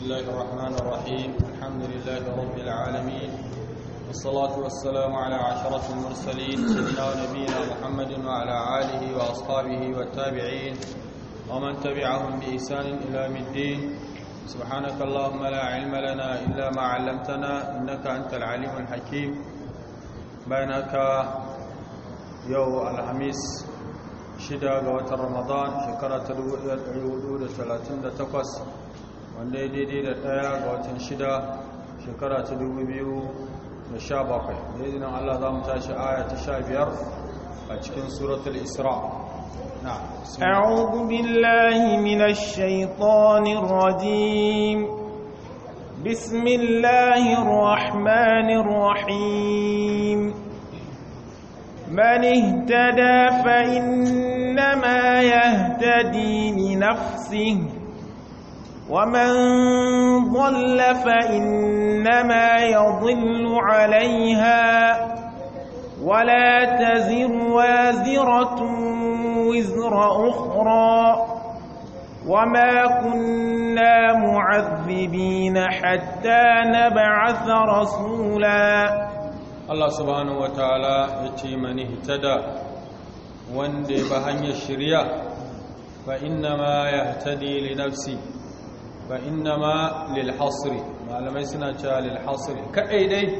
بسم الله الرحمن الرحيم الحمد لله رب العالمين والصلاة والسلام على عشرة المرسلين سيدنا ونبينا محمد وعلى آله وأصحابه والتابعين ومن تبعهم بإحسان إلى يوم الدين سبحانك اللهم لا علم لنا إلا ما علمتنا إنك أنت العليم الحكيم بينك يوم الخميس شدة رمضان الوجود الأولى 38 wanda ya daidai da ɗaya ga watan shida shekara ta dubu biyu da sha bakwai da izinin allah za mu tashi aya ta sha biyar a cikin suratul isra أعوذ بالله من الشيطان الرجيم بسم الله الرحمن الرحيم من اهتدى فإنما يهتدي لنفسه ومن ضل فإنما يضل عليها ولا تزر وازرة وزر أخرى وما كنا معذبين حتى نبعث رسولا الله سبحانه وتعالى يتي من اهتدى وان دي بهن الشريع فإنما يهتدي لنفسه fa inna lil lilhasri malamai suna cewa lilhasri kaɗai dai dai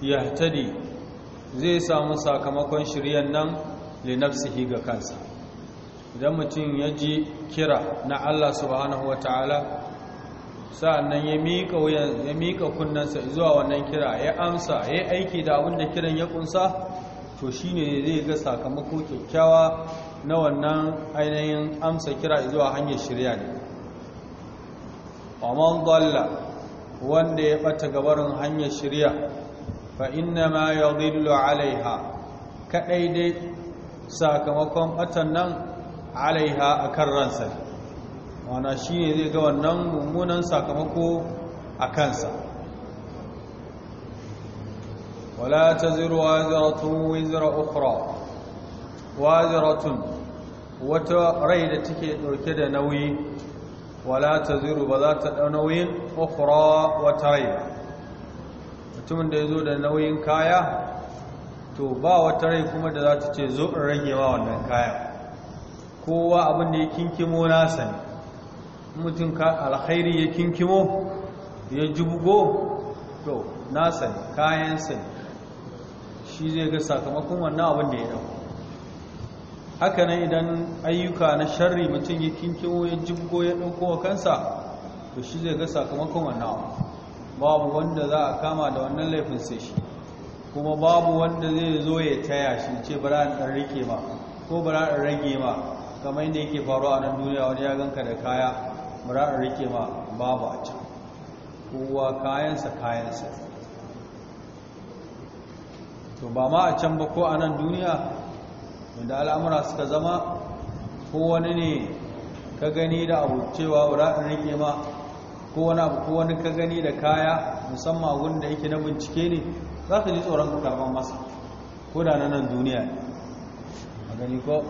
yahtadi zai samu sakamakon shiryan nan le nafsihi ga kansa idan mutum ya ji kira na Allah subhanahu ta'ala sa'annan ya miƙa kunnensa ya miƙa kunnansa zuwa wannan kira ya amsa ya aiki da abinda kiran ya kunsa to shi ne zai ga sakamako kyakkyawa na wannan ainihin amsa kira zuwa hanyar shirya ne ومن ضل wanda ya bata gabarin hanyar shirya fa inna ma yadhillu alaiha kaɗai dai sakamakon batan nan alaiha akan ransa wana shine zai ga wannan mummunan sakamako a kansa wala taziru waziratun wizra ukhra waziratun wata rai da take ɗauke da nauyi wala ta بذات ba za ta ɗau nauyin ukura wata rai mutumin da ya zo da nauyin kaya to ba wata rai kuma da za ta ce zo in rage ma wannan kaya kowa abin da ya kinkimo nasa ne mutum ka alkhairi ya kinkimo ya jibugo to nasa ne kayansa ne shi zai ga sakamakon wannan abin da ya ɗau haka nan idan ayyuka na sharri mutum ya kinkiwo ya jibgo ya ɗauko wa kansa to shi zai ga sakamakon wannan babu wanda za a kama da wannan laifin sai shi kuma babu wanda zai zo ya taya shi ce bara in ɗan rike ma ko bara in rage ma kamar yadda yake faru a nan duniya wani ya ganka da kaya bara in rike ma babu a can kowa kayansa kayansa to ba ma a can ba ko a nan duniya inda al'amura suka zama ko wani ne ka gani da abu cewa wura'in rike ma ko wani abu ko wani ka gani da kaya musamman abun da yake na bincike ne za ka ji tsoron kama masa ko da nan duniya a gani ko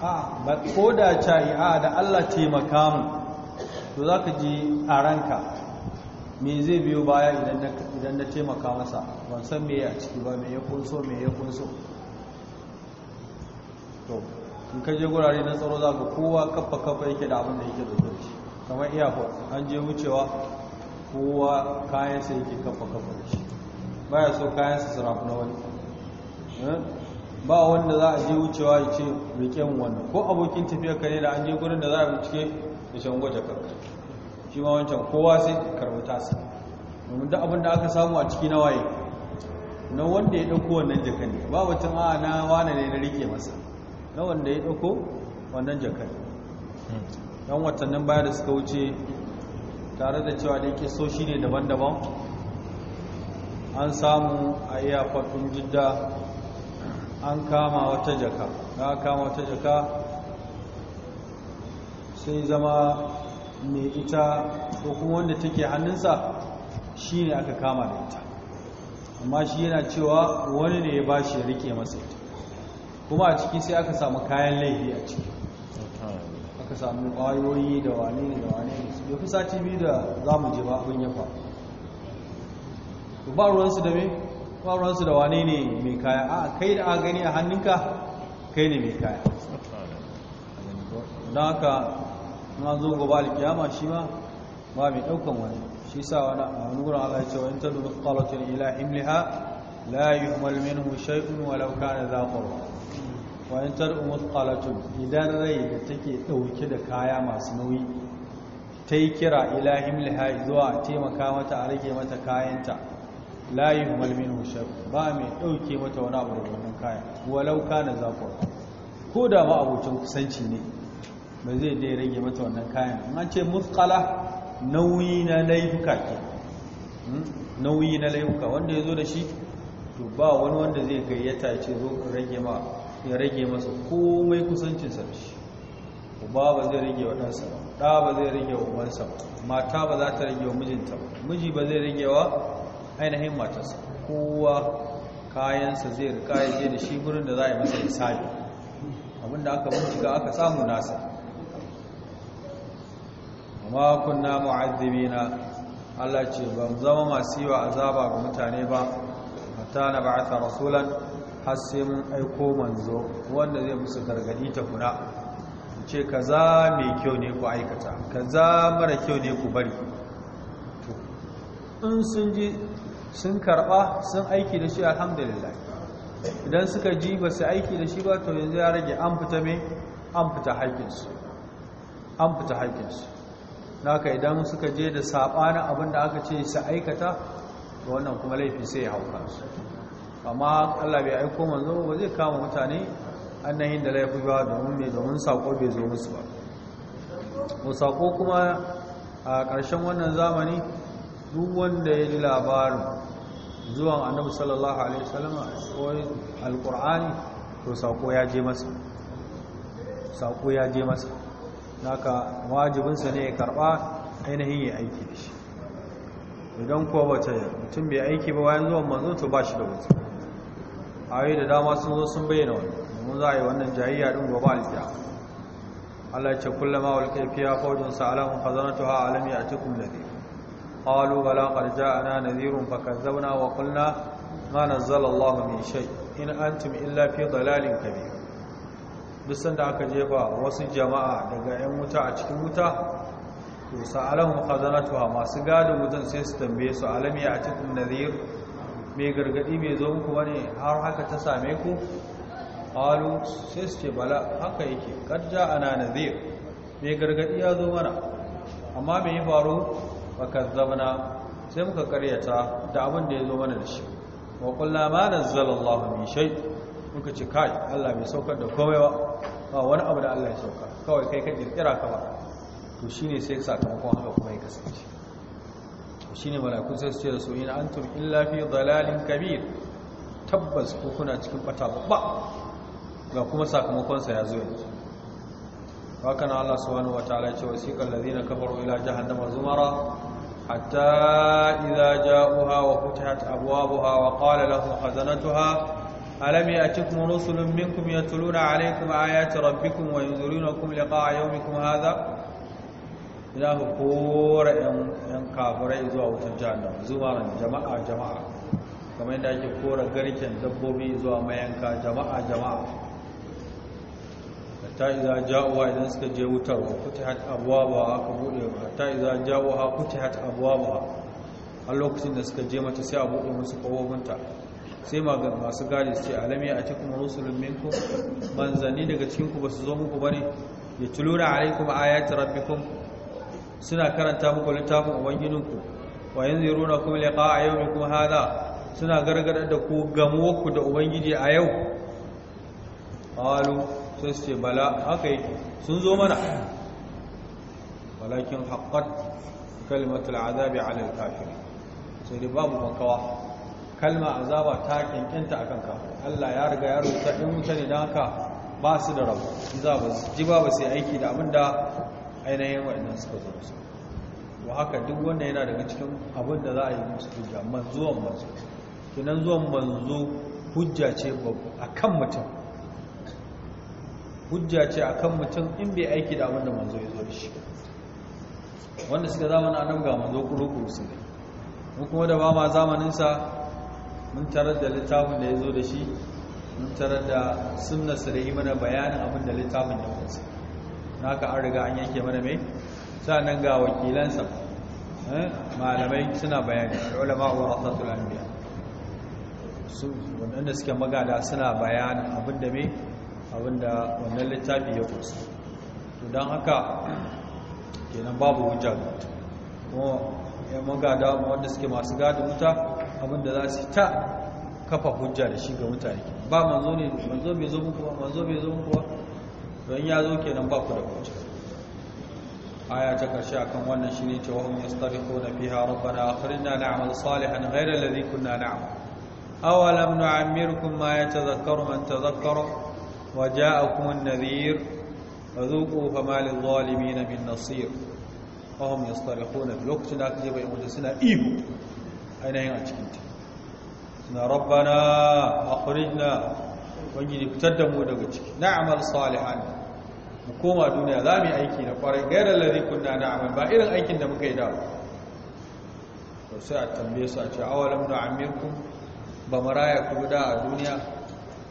a ba ko da cari a da allah taimaka mu to za ka ji a ranka me zai biyo baya idan na taimaka masa ban san me ya ciki ba me ya kunso me ya kunso to in ka je gurare na tsaro za ka kowa kafa kafa yake da abin da yake da shi kamar airport an je wucewa kowa kayansa yake kafa kafa da shi baya so kayansa sa rafi na wani eh? ba wanda za a je wucewa ya ce riƙen wannan ko abokin tafiya ka ne da an je gurin da za a bincike da shan gwaje kanka shi ma wancan kowa sai karɓi tasa domin duk abin da aka samu a ciki na waye na wanda ya ɗauko wannan jaka ne ba mutum a na wane ne na rike masa na wanda ya ɗauko wannan jakar hmm. yan watannin baya da suka wuce tare da cewa da yake so shi ne daban-daban an samu a iya faɗin jidda an kama wata jaka na kama wata jaka sai zama mai ita ko kuma wanda take hannunsa shi ne aka kama da ita amma shi yana cewa wani ne ya bashi ya rike masa ita kuma a ciki sai aka samu kayan laifi a ciki aka samu ƙwayoyi da wane ne da wane ne ya fi sati biyu da za mu je ba abin ya faru ba ruwansu da me ba ruwansu da wane ne mai kaya a kai da a gani a hannunka kai ne mai kaya don haka na zo gaba alkiyama shi ma ba mai ɗaukan wani shi sa wani a wani wurin Allah ya ce wa ta dubi qalatun ila himliha la yi minhu shay'un walau walauka dha qurba wani umar kwalatun idan rai da take ɗauke da kaya masu nauyi ta yi kira ilahim Lihai zuwa a taimaka mata a rage mata kayanta layin malmin hushar ba mai ɗauke mata wani abu da wannan kayan walau ka na zafon ko da ma abucin kusanci ne ba zai dai rage mata wannan kayan an ce muskala nauyi na laifuka ke hmm? nauyi na laifuka wanda ya zo da shi to ba wani wanda zai gayyata ce zo rage ma ya rage masa komai kusancinsa da shi uba ba zai rage wa ɗansa ba ɗa ba zai rage wa mata ba za ta rage wa mijinta ba miji ba zai rage wa ainihin matarsa kowa kayansa zai rika ya da shi gurin da za a yi masa abin da aka bincika aka samu nasa amma kunna mu'azzibina Allah ce ba mu zama masu yi wa azaba ga mutane ba hatta na ba'ata rasulan har sai mun aiko manzo wanda zai musu gargadi ta kuna ce kaza mai kyau ne ku aikata kaza mara kyau ne ku bari in sun ji sun karba sun aiki da shi alhamdulillah idan suka ji ba su aiki da shi ba to yanzu ya rage an fita mai an fita haƙinsu an fita Na ka idan suka je da saɓanin abinda da aka ce su aikata wannan kuma laifi sai ya hau kansu amma Allah bai aiko manzo ba zai kama mutane annahin da laifi ba domin mai domin sako bai zo musu ba ko sako kuma a ƙarshen wannan zamani duk wanda ya ji labarin zuwan annabi sallallahu alaihi wasallam ko alqur'ani to sako ya je masa sako ya je masa naka sa ne ya karba ainihin ya aiki da shi idan kuwa wata mutum bai aiki ba bayan zuwan manzo to ba shi da wuta. ayoyi da dama sun zo sun bayyana wani mun za a yi wannan jayayya din gobe alfiya. Allah ya ce kullama wal kayfiya fawjun sa'alamun khazanatuha alam ya'tikum nadhir qalu bala na ja'ana nadhirun fakazzabna wa Kulna ma nazzala Allah mai shai. in antum illa fi dalalin kabir duk sanda aka jefa wasu jama'a daga yan wuta a cikin wuta to sa'alahum khazanatuha masu gadin wutan sai su tambaye su a cikin nadhir mai gargadi mai zo muku wani har haka ta same ku halu sai su ce bala haka yake karja ana nazir mai gargadi ya zo mana amma mai yi faru baka zamana sai muka karyata da abin da ya zo mana da shi wa kulla ma na zalallahu mai shai muka ce kai Allah mai saukar da komai ba ba wani abu da Allah ya sauka kawai kai ka kirkira ka ba to shine sai sakamakon haka kuma ya kasance shi ne mara kusa ce da soyi na antum illafi zalalin kabir tabbas kuna cikin bata babba ga kuma sakamakonsa ya zo yanzu baka na allah suwanu wata ala ce wasiƙar da zina ila wula jihar dama zumara hatta iza ja'uha wa fitahat abwabuha wa qala lahum khazanatuha alam ya'tikum rusulun minkum yatluna alaykum ayati rabbikum wa yunzirunakum liqa'a yawmikum hadha za ku kora yan kafirai zuwa wutar zuwa na jama'a jama'a kamar yadda ake kora garken dabbobi zuwa mayanka jama'a jama'a hatta iza ja'uwa idan suka je wutar wa futihat abwaba aka bude hatta iza hat abuwa ba, a lokacin da suka je mata sai a buɗe musu kowofinta sai masu gadi sai ce alami a cikin rusulun minku manzanni daga cikinku ba su zo muku ba ne ya tulura alaikum ayati rabbikum suna karanta muku littafin ubangijinku wa a kum liqa'a yawmikum hadha suna gargadar da ku gamo ku da ubangiji a yau qalu sai su ce bala haka yake sun zo mana walakin haqqat kalimatul al'azabi ala al kafin, sai dai babu makawa kalma azaba ta kinkanta akan ka. Allah ya riga ya rubuta in mutane dan haka ba su da rabu za ba ji ba ba sai aiki da abinda ainihin waɗannan suka zo su, wa haka duk wanda yana daga cikin abin da za a yi musu hujja manzuwan manzo kinan zuwan manzo hujja ce a kan mutum hujja ce a kan mutum in bai aiki da abin da manzo ya zo da shi wanda suka zamana nan ga manzo kurukuru su ne mu kuma da ba ma zamaninsa mun tarar da littafin da ya zo da shi mun tarar da sunna su yi mana bayanin abin da littafin ya kunsa ka an riga an yanke mana mai nan ga wakilansa eh, malamai suna bayani ulama wa rasatul anbiya su wanda suke magada suna bayani abinda mai abinda wannan littafi ya kusa to don haka kenan babu hujja kuma ya magada wanda suke masu gadi wuta abinda za su ta kafa hujja da shi ga mutane ba manzo ne manzo bai zo muku ba manzo bai zo muku ba don ya zo kenan ba ku da kuce aya ta karshe akan wannan shine ta wahum yastabihuna fiha rabbana akhrijna na'mal salihan ghayra alladhi kunna na'mal awalam nu'ammirkum ma yatadhakkaru man tadhakkara وجاءكم النذير فذوقوا فما للظالمين من نصير وهم يصطرخون في الوقت لا كذب يقول سنة إيه أين هي أتكنت سنة ربنا أخرجنا ونجد daga ciki, نعمل صالحا mu koma duniya za mu yi aiki na kwarai gairar lari kunna na amal ba irin aikin da muka yi da ba sai a tambaye su a ce awalam da amirku ba maraya ku guda a duniya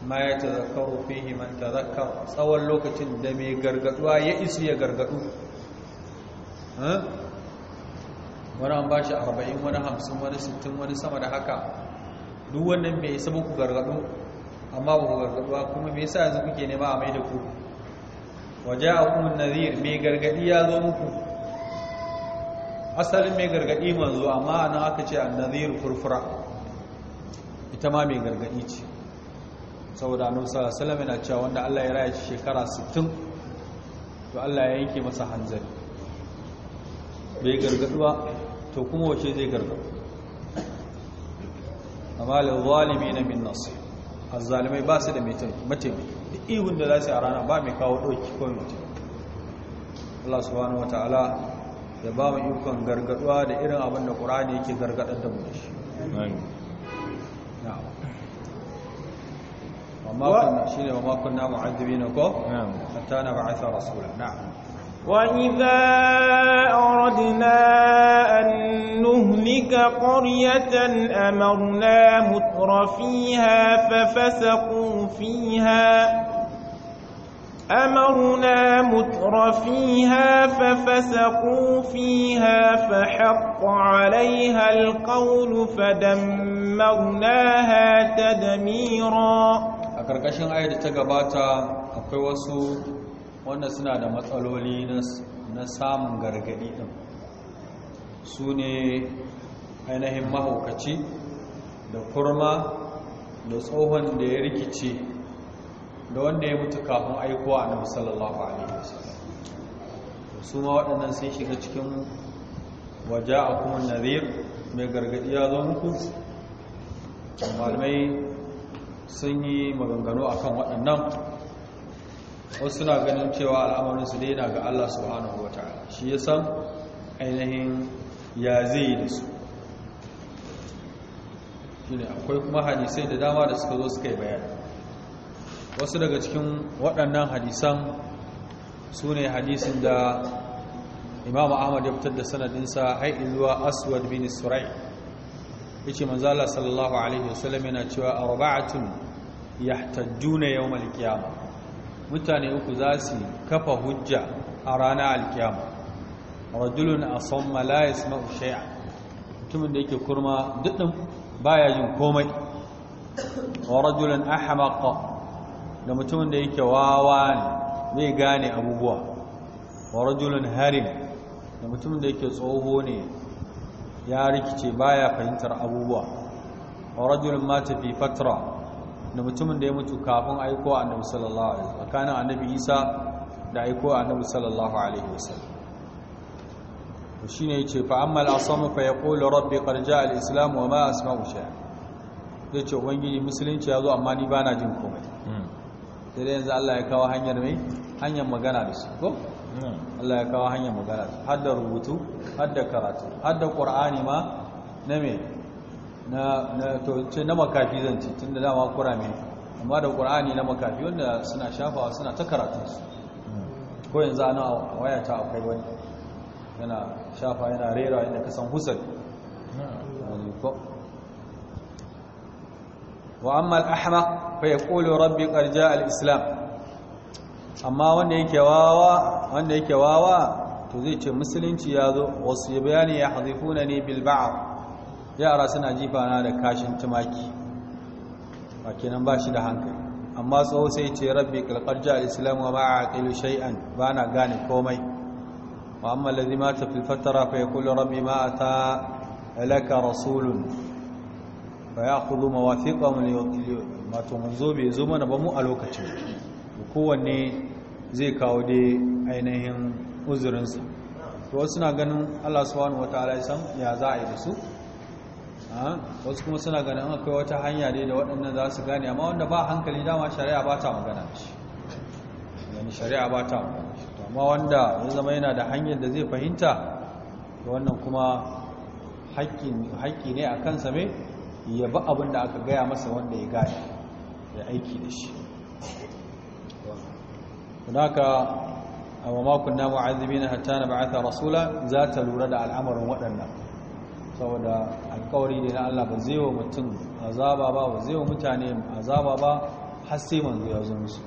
ma ya ta zaka rufin man ta zakaru tsawon lokacin da mai gargaduwa ya isu ya gargadu wani an ba shi arba'in wani hamsin wani sittin wani sama da haka duk wannan bai isa muku gargadu amma ba ku gargaduwa kuma me yasa yanzu kuke nema a mai da ku waje a kuma nazir mai gargadi ya zo muku asalin mai gargadi manzo amma nan aka ce a nazir furfura ita ma mai gargadi ce saboda annabi sallallahu alaihi wasallam yana cewa wanda Allah ya raya shekara 60 to Allah ya yanke masa hanzari bai gargadu ba to kuma wace zai gargadu amma lil zalimin min nasir azzalimai ba su da mataimaki da ihun da za su a rana ba mai kawo ɗauki ko mutum Allah subhanahu wata'ala ya ba mu ikon gargaduwa da irin abin da ne yake gargadar da mu shi na'am shi ne wa makon na mu'adhibi na ko hatta na na'am وإذا أردنا أن نهلك قرية أمرنا متر فيها ففسقوا فيها أمرنا متر فيها ففسقوا فيها فحق عليها القول فدمرناها تدميرا a آية ayar أقوى ta wanda suna da matsaloli na samun gargadi din su ne ainihin mahaukaci da kurma da tsohon da ya rikice da wanda ya mutu kafin aikowa a nabi sallallahu alaihi wasallam su ma waɗannan sun shiga cikin waje a kuma nazir mai gargadi ya zo muku malamai sun yi maganganu a kan waɗannan wasu suna ganin cewa al'amarin su daina ga Allah subhanahu wa ta'ala shi ya san ainihin ya zai da su akwai kuma hadisai da dama da suka zo suka yi bayani wasu daga cikin waɗannan hadisan su ne hadisin da imam ahmad ya fitar da sanadinsa har zuwa aswad bin surai yace ce manzala sallallahu alaihi wasallam yana cewa arba'atun yahtajjuna yawm al-qiyamah mutane uku za su kafa hujja a ranar alkiyama rajulun asamma la yasma'u shay'a mutumin da yake kurma duddin baya jin komai wa rajulun ahmaqa da mutumin da yake wawa ne bai gane abubuwa wa rajulun harin da mutumin da yake tsoho ne ya rikice baya fahimtar abubuwa wa rajulun mata fi fatra da mutumin da ya mutu kafin aiko annabi sallallahu alaihi wasallam kana annabi Isa da aiko annabi sallallahu alaihi wasallam to shine yace fa amma al-asam fa yaqulu rabbi qad jaa al-islam wa ma asma'u shay'a yace ubangiji musulunci yazo amma ni bana jin komai hmm. sai dai yanzu Allah ya kawo hanyar mai hanyar magana da shi ko hmm. Allah ya kawo hanyar magana har da rubutu har da karatu har da Qur'ani ma na me na to ce na makafi zan ce tunda dama kurame amma da qur'ani na makafi wanda suna shafawa suna ta karatu. ko yanzu ana waya ta akwai wani yana shafa yana rera inda ka san husal wa amma al-ahmaq fa yaqulu rabbi qad al-islam amma wanda yake wawa wanda yake wawa to zai ce musulunci ya zo wasu bayani ya hazifuna ne bil ba'a yara suna jifana da kashin tumaki ba ba shi da hankali amma tsoho sai ce rabbi kalkarja al'islamu wa ma'aƙilu shay'an ba na gane komai wa amma lazi mata filfattara fa ya kula rabbi ma'ata alaka rasulun fa ya kudu mawafiƙa mato manzo zo mana ba mu a lokacin kowanne zai kawo dai ainihin uzurinsa to wasu na ganin allah subhanahu wa ta'ala ya za a yi da su wasu kuma suna ganin an akwai wata hanya ne da waɗannan za su gane amma wanda ba hankali dama shari'a ba ta magana shi yani shari'a ba ta magana shi amma wanda ya zama yana da hanyar da zai fahimta wannan kuma haƙƙi ne a kansa mai ya ba abin da aka gaya masa wanda ya gane ya aiki da shi hunaka a mamakon na mu'azibi na hatta na ba'ata rasula za ta lura da al'amarin waɗannan saboda alkawari ne na Allah ba zai wa mutum azaba ba ba zai wa mutane azaba ba har sai manzo ya zo musu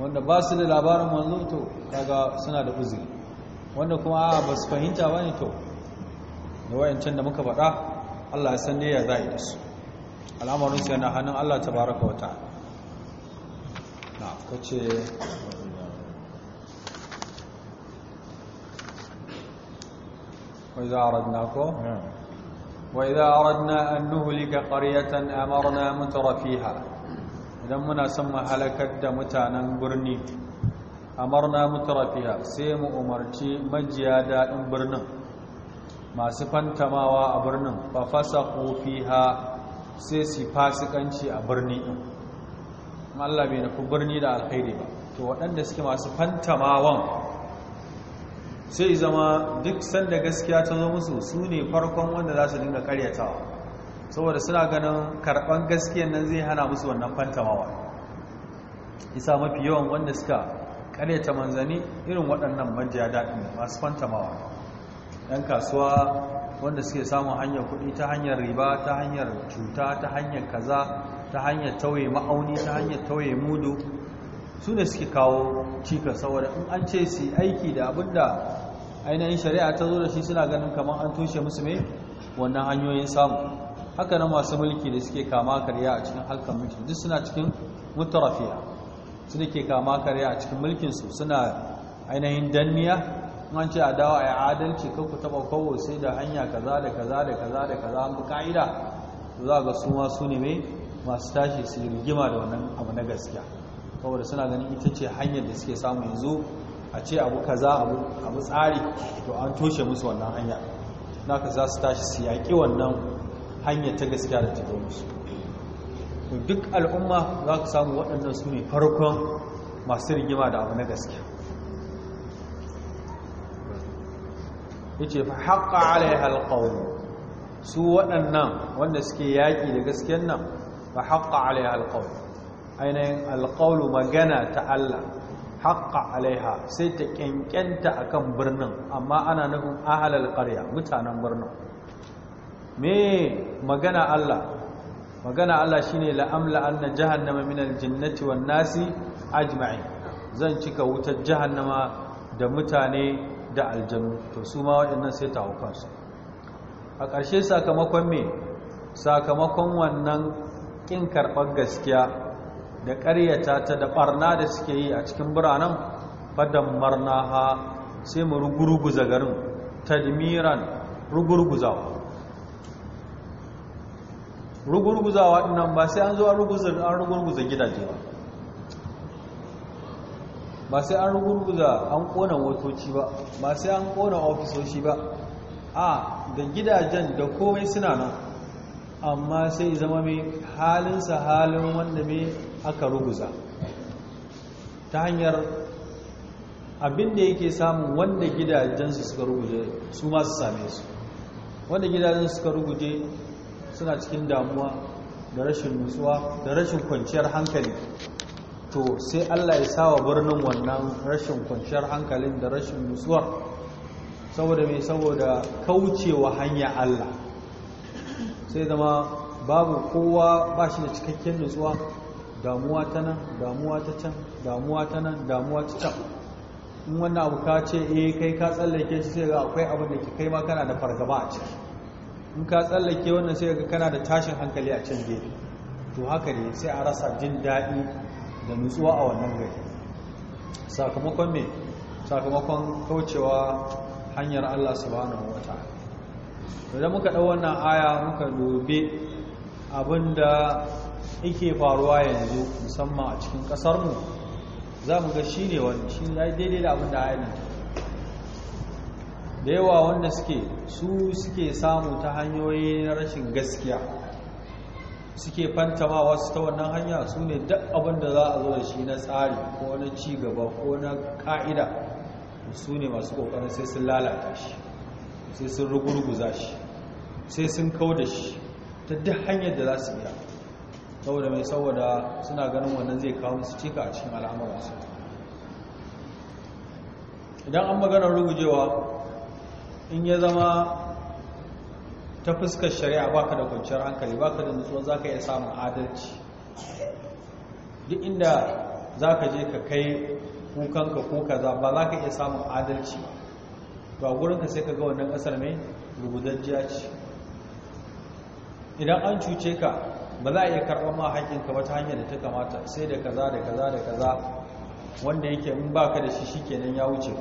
wanda ba su da labarin manzo to kaga suna da uzuri wanda kuma a ba su fahimta ba ne to da wayancan da muka faɗa Allah ya san ne ya zai da su al'amarin sai na hannun Allah ta baraka wata. na kace وإذا أردناكم وإذا أردنا أن نهلك قرية أمرنا متر فيها إذا منا سمى هلكت متانا برني أمرنا متر فيها سيم أمرتي مجيادا برنا ما سفن تماوى برنا ففسقوا فيها سيسي فاسقنشي برني ما الله بينا كبرني لا alkhairi تو to waɗanda suke masu fantamawan sai zama duk sanda gaskiya ta zo musu su ne farkon wanda za su dinga karyatawa saboda suna ganin karban gaskiyan nan zai hana musu wannan fantamawa isa mafi yawan wanda suka karyata manzani irin waɗannan majiya daɗi masu fantamawa ɗan kasuwa wanda suke samun hanyar kuɗi ta hanyar riba ta hanyar cuta ta hanyar kaza ta hanyar tauye ma'auni ta hanyar tauye mudu su ne suke kawo cika saboda in an ce su aiki da abinda ainihin shari'a ta zo da shi suna ganin kamar an tushe musu mai wannan hanyoyin samu haka na masu mulki da suke kama karya a cikin halkan mulki duk suna cikin mutarafiya su ne ke kama karya a cikin mulkinsu suna ainihin danniya an ce a dawo a yi adalci kan ku taɓa kowo sai da hanya kaza da kaza da kaza da kaza an bi ka'ida za ga su ma su ne mai masu tashi su rigima da wannan abu na gaskiya saboda suna ganin ita ce hanyar da suke samu yanzu a ce abu kaza abu tsari to an toshe musu wannan hanya na ka za su tashi su yaƙi wannan hanyar ta gaskiya da ta musu to duk al'umma za ku samu waɗannan su ne farkon masu rigima da abu na gaskiya ce fa haƙa alaiha alqawl su waɗannan wanda suke yaƙi da gaskiyar nan fa haƙa alaiha alqawl ainihin alƙaulu magana ta Allah haƙƙa alaiha sai ta ƙyanƙyanta a kan birnin amma ana nufin ahalar ƙarya mutanen birnin me magana Allah magana Allah shi ne la'amla an na jinnati wa nasi ajma'i zan cika wutar jihannama da mutane da aljanu to su ma waɗannan sai ta hukansu a ƙarshe sakamakon me sakamakon wannan ƙin karɓar gaskiya da ƙaryata ta da ɓarna da suke yi a cikin biranen marna ha sai mu rugurguza garin tadmiran rugurguzawa rugurguzawa ɗinan ba sai an zo an rugurguza gidaje ba ba sai an rugurguza an ƙona motoci ba ba sai an ƙona ofisoshi ba a da gidajen da komai suna nan amma sai zama mai halinsa halin wanda mai aka ruguza ta hanyar abinda yake samun wanda gidajensu suka ruguje su masu same su wanda gidajensu suka ruguje suna cikin damuwa da rashin nutsuwa da rashin kwanciyar hankali to sai allah ya sawa birnin wannan rashin kwanciyar hankalin da rashin nutsuwar saboda mai saboda kaucewa hanya allah sai zama babu kowa ba shi da cikakken nutsuwa damuwa ta nan damuwa ta can damuwa ta nan damuwa ta can in wannan abu ka ce eh kai ka tsallake shi sai ga akwai abu da ke kai ma kana da fargaba a ciki in ka tsallake wannan sai ga kana da tashin hankali a can gefe to haka ne sai a rasa jin daɗi da nutsuwa a wannan gari sakamakon me sakamakon kaucewa hanyar Allah subhanahu ta'ala idan muka ɗau wannan aya muka dobe abinda yake faruwa yanzu musamman a cikin ƙasarmu za mu ga shi ne wani shi ne daidai da abinda aya ne da yawa wanda suke su suke samu ta hanyoyi na rashin gaskiya suke fantama wasu ta wannan hanya su ne duk abinda za a zo da shi na tsari ko na cigaba ko na ƙa'ida su ne masu ƙoƙarin sai sun lalata shi sai sun rugurguza shi sai sun kau da shi ta duk hanyar da za su biya saboda mai saboda suna ganin wannan zai kawo musu cika a cikin su idan an maganar rugujewa in ya zama ta fuskar shari'a baka da kwanciyar hankali baka da nutsuwa za ka iya samun adalci duk inda za ka je ka kai kukanka ko kaza ba za ka iya samun adalci ba ba gurinka sai ka ga wannan kasar mai rubutacciya ce idan an cuce ka ba za a iya karɓar ma haƙƙinka ba ta hanyar da ta kamata sai da kaza da kaza da kaza wanda yake in baka da shi shikenan ya wuce ka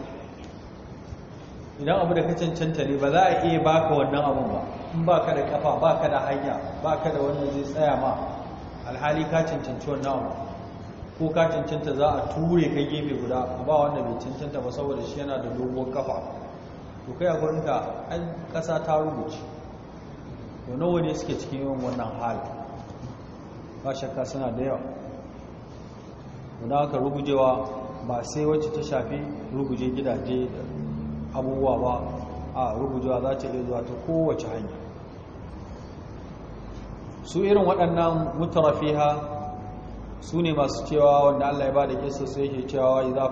idan abu da ka cancanta ne ba za a iya baka wannan abun ba in baka da kafa baka da hanya baka da wanda zai tsaya ma alhali ka cancanci wannan abu ko ka cancanta za a ture ka gefe guda ba wanda bai cancanta ba saboda shi yana da dogon kafa to kai a gurinka an kasa ta rubuce to nawa ne suke cikin yawan wannan hali ba shakka suna da yawa don aka rugujewa ba sai wacce ta shafi ruguje gidaje da abubuwa ba a rugujewa za ta iya zuwa ta kowace hanya su irin waɗannan ha su ne masu cewa wanda Allah ya ba da kisa su yake cewa idza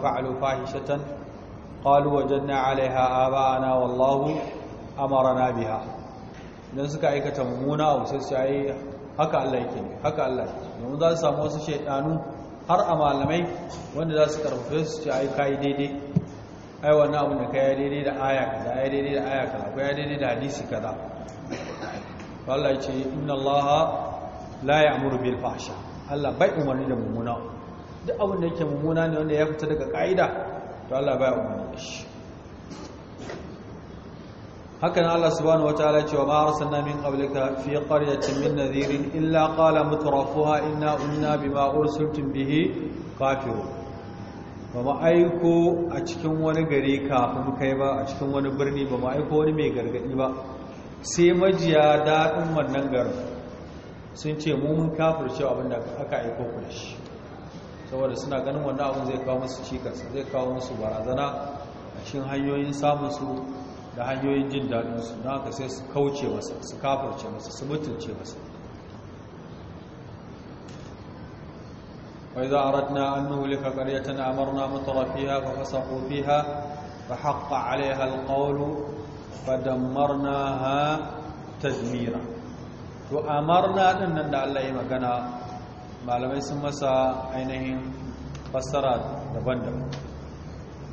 ƙaluwa janna qalu a ba na wallahu amara na biha don suka aikata mummuna abu sai su yi haka Allah yake haka Allah domin za su samu wasu shaidanu har a malamai wanda za su karfafe su ce ai kai daidai ai wannan abin da kai daidai da aya kaza yi daidai da aya kaza ko ya daidai da hadisi kaza Allah ya ce inna Allah la ya'muru bil fahsha Allah bai umarni da mummuna duk abin da yake mummuna ne wanda ya fita daga ka'ida to Allah bai umarni da shi haka na Allah subhanahu ta'ala cewa ma arsalna min qablika fi qaryatin min nadhirin illa qala mutrafuha inna unna bima ursiltum bihi kafiru ba mu aiko a cikin wani gari kafin kai ba a cikin wani birni ba mu aiko wani mai gargadi ba sai majiya daɗin wannan garin sun ce mu mun kafirce abin da aka aiko ku da shi saboda suna ganin wannan abin zai kawo musu cikas zai kawo musu barazana a cikin hanyoyin samun su da hanyoyin jin daɗinsu na ka sai su kauce masa su kafarce masa su mutunce masa وإذا أردنا أن نهلك قرية أمرنا مطر فيها ففسقوا فيها فحق عليها القول فدمرناها تدميرا وأمرنا أن ندع الله مكانا ما لم يسمى أينهم فسرات دبندم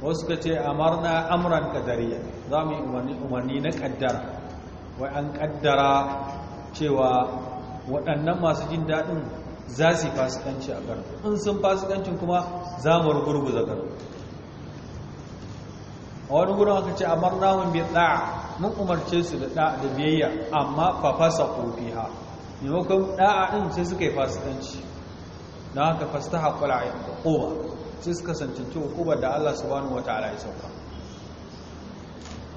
wasu ka ce na amran kadariya za mu yi umarni na kaddara wai an kaddara cewa waɗannan masu jin daɗin za su yi fasikanci a ƙarfi in sun fasikancin kuma za mu rugurguza ƙarfi a wani gudun aka ce na hun bi ɗaya mun umarce su da ɗaya da biyayya amma fa fasa ƙofi ha maimakon ɗaya ɗin sai suka yi fasikanci don haka fasta haƙula a Kowa. sai suka sancanci hukubar da Allah subhanahu ta'ala ya sauka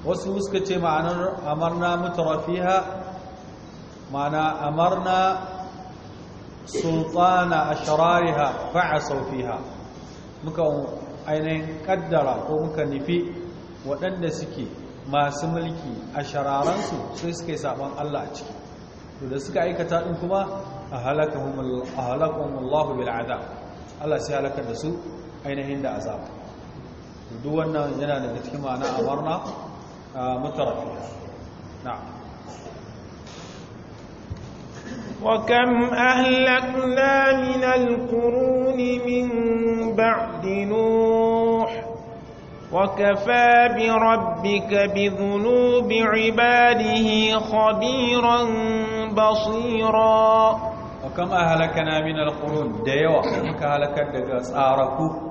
wasu suka ce ma'anar amarna mutarafiha ma'ana amarna sultana ashrariha fa'asau fiha muka ainihin kaddara ko muka nufi waɗanda suke masu mulki a shararansu sai suka yi saban Allah a ciki to da suka aikata ɗin kuma a Allah bil'adab Allah sai halakar da su ainihin da azab duk wannan yana daga cikin ma'ana amarna mutarafiya na'am وكم أهلكنا من القرون من بعد نوح وكفى بربك بذنوب عباده خبيرا بصيرا وكم أهلكنا من القرون ديوة كهلكت دقاء ساركو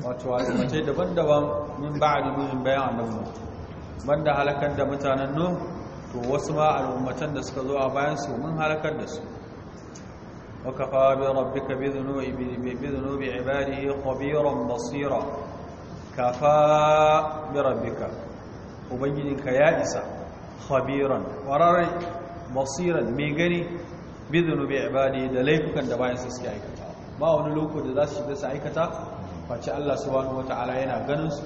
wato al'ummatai daban-daban min ba'ad nuhin bayan annabi banda halakar da mutanen nu to wasu ma al'ummatan da suka zo a bayan su mun halakar da su وكفى بربك بذنوب بذنوب عباده خبيرا بصيرا كفى بربك وبينك يا إسا خبيرا وراري بصيرا ميغني بذنوب aikata. ba wani loko da za su shiga su aikata face Allah subhanahu wata'ala yana ganin su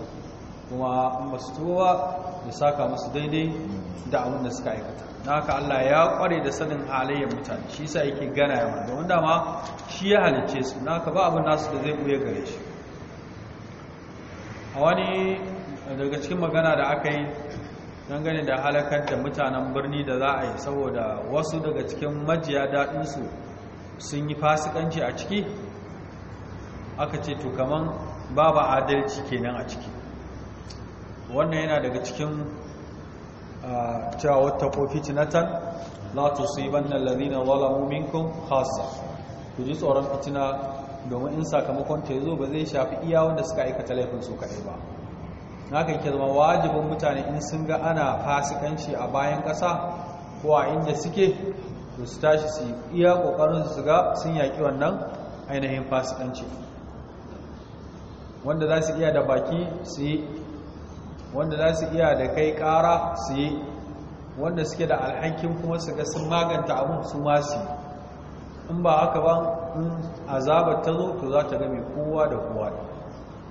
kuma masu ba su tuwa ya saka musu daidai da abin da suka aikata na haka Allah ya kware da sanin halayyar mutane shi sa yake gana yawa wanda ma shi ya halicce su na haka ba abin nasu da zai buya gare shi a wani daga cikin magana da aka yi dangane da halakar da mutanen birni da za a yi saboda wasu daga cikin majiya daɗinsu sun yi fasikanci a ciki aka ce to kaman babu adalci kenan a ciki wannan yana daga cikin cewa wata kofi cinatan la tusiban allazina zalamu minkum khassa ku ji tsoron fitina domin in sakamakon ta yazo ba zai shafi iya wanda suka aikata laifin su kadai ba haka yake zama wajibin mutane in sun ga ana fasikanci a bayan ƙasa ko a inda suke to su tashi su iya kokarin su ga sun yaki wannan ainihin fasikanci wanda za su iya da baki su yi wanda za su iya da kai ƙara su yi wanda suke da alhakin kuma su ga sun maganta abin su masu in ba haka ba in azabar ta zo to za ta game kowa da kowa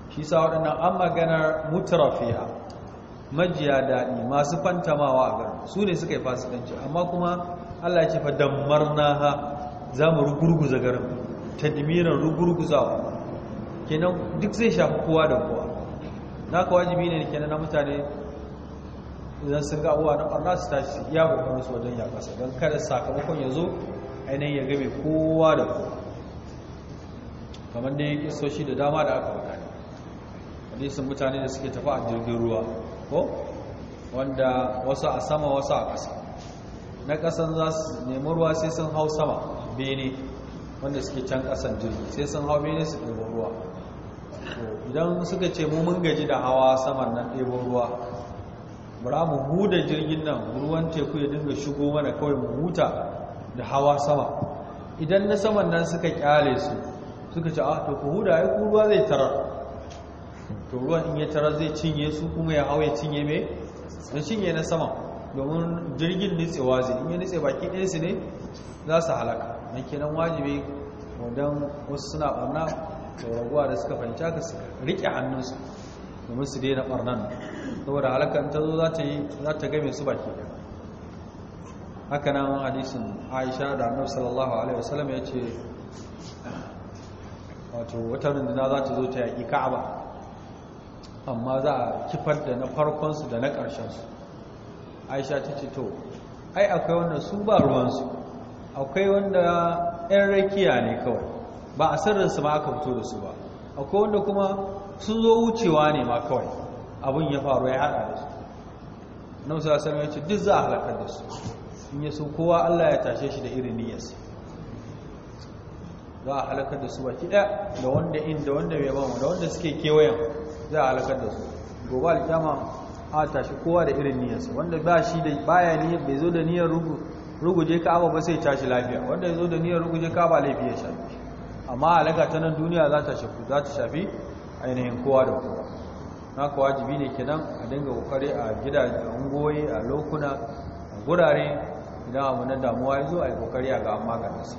shi sa waɗannan an maganar mutarafiya majiya daɗi masu fantamawa a garin su ne suka yi fasikanci amma kuma allah ya ce fa dammar na ha za mu rugurguza garin tadmiran rugurguzawa kenan duk zai shafi kowa da kowa na ka wajibi ne kenan na mutane idan sun ga abuwa na ɓarna su tashi ya kokarin wasu wajen ya kasa don kada sakamakon ya zo ainihin ya game kowa da kowa kamar da ya kisoshi da dama da aka wakani hadisin mutane da suke tafi a jirgin ruwa ko wanda wasu a sama wasu a kasa na kasan za su nemi ruwa sai sun hau sama bene wanda suke can kasan jirgi sai sun hau bene su ɗebo ruwa idan suka ce mu mun gaji da hawa saman nan ɗebo ruwa bara mu huda jirgin nan ruwan teku ya dinga shigo mana kawai mu huta da hawa sama idan na saman nan suka kyale su suka ce ah to ku huda ya ku ruwa zai tarar to ruwan in ya tarar zai cinye su kuma ya hawa ya cinye me ya cinye na sama domin jirgin nitsewa zai in ya nitse baki su ne za su halaka na kenan wajibi wadan wasu suna ɓarna to da suka fahimci ka su riƙe hannunsu domin su daina ɓarnan saboda halakar ta zo za ta game su baki haka wani hadisun aisha da annabi sallallahu alaihi wasallam ya ce wato wata runduna za ta zo ta yaƙi ka'aba amma za a kifar da na farkonsu da na ƙarshensu aisha ta ce to ai akwai wanda su ba ruwansu akwai wanda 'yan rakiya ne kawai ba a sirrinsu ba aka fito da su ba akwai wanda kuma sun zo wucewa ne ma kawai abin ya faru ya hada da su nan su asali ya ce duk za a halakar da su in yi sun kowa allah ya tashe shi da irin niyyarsa za a halakar da su ba kiɗa da wanda in da wanda mai bamu da wanda suke kewayen za a halakar da su gobe alkyama a tashi kowa da irin niyyarsa wanda ba shi da baya ni bai zo da niyyar ruguje ka ba sai tashi lafiya wanda ya zo da niyyar ruguje ba laifi ya shafi amma laga ta nan duniya za ta shafi za ainihin kowa da kowa kowa jibi ne kenan a dinga kokare a gidaje ungoyi a lokuna a gurare idan abu na damuwa ya zo a yi kokari a ga an maganin su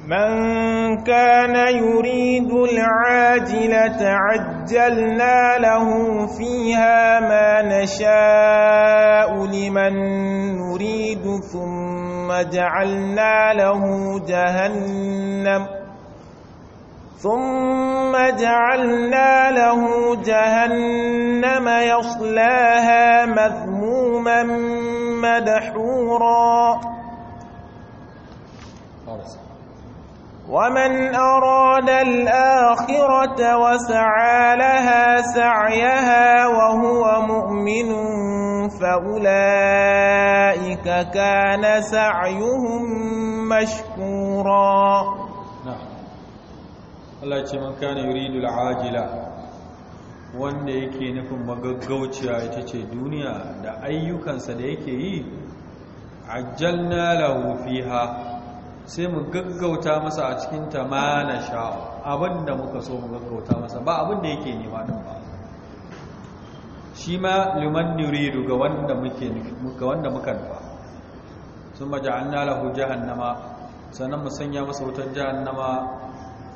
من كان يريد العاجلة عجلنا له فيها ما نشاء لمن نريد ثم ثم جعلنا له جهنم ثم جعلنا له جهنم يصلاها مذموما مدحورا ومن أراد الآخرة وسعى لها سعيها وهو مؤمن فأولئك كان سعيهم مشكورا نعم الله كان يريد العاجلة wanda yake nufin magaggauciya ita ce duniya da ayyukansa da yake yi ajjalna lahu fiha sai mu gaggauta masa a cikin ta ma na sha abinda muka so mu gaggauta masa ba abinda yake nema din shi ma liman nuridu ga wanda muke ga wanda muka nufa thumma ja'alna lahu jahannama sannan mu sanya masa wutar jahannama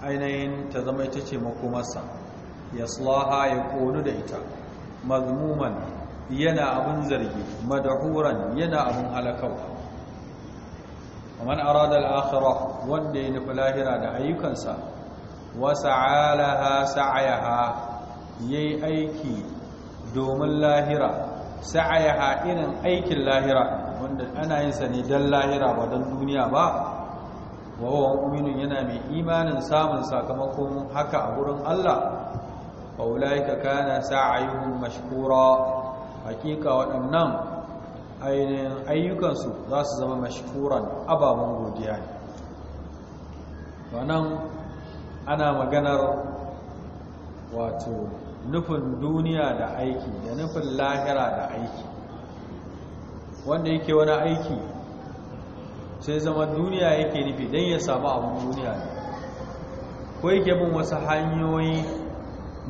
ainihin ta zama ita ce makomarsa yaslaha ya konu da ita mazmuman yana abin zargi madahuran yana abun halakawa ومن أراد الآخرة والدين فلاهرة دعيكنسا وسعى لها ya yi aiki. domin lahira sa'ayaha irin aikin lahira wanda ana yin sa ne don lahira ba don duniya ba wawan uminin yana mai imanin samun sakamakon haka a wurin Allah faulaika kana sa'ayuhum mashkura hakika waɗannan ainihin ayyukansu za su zama mashkuran ababen godiya ne wannan ana maganar wato nufin duniya da aiki da nufin lahira da aiki wanda yake wani aiki sai zama duniya yake nufi don ya samu abin duniya ne ko yake bin wasu hanyoyi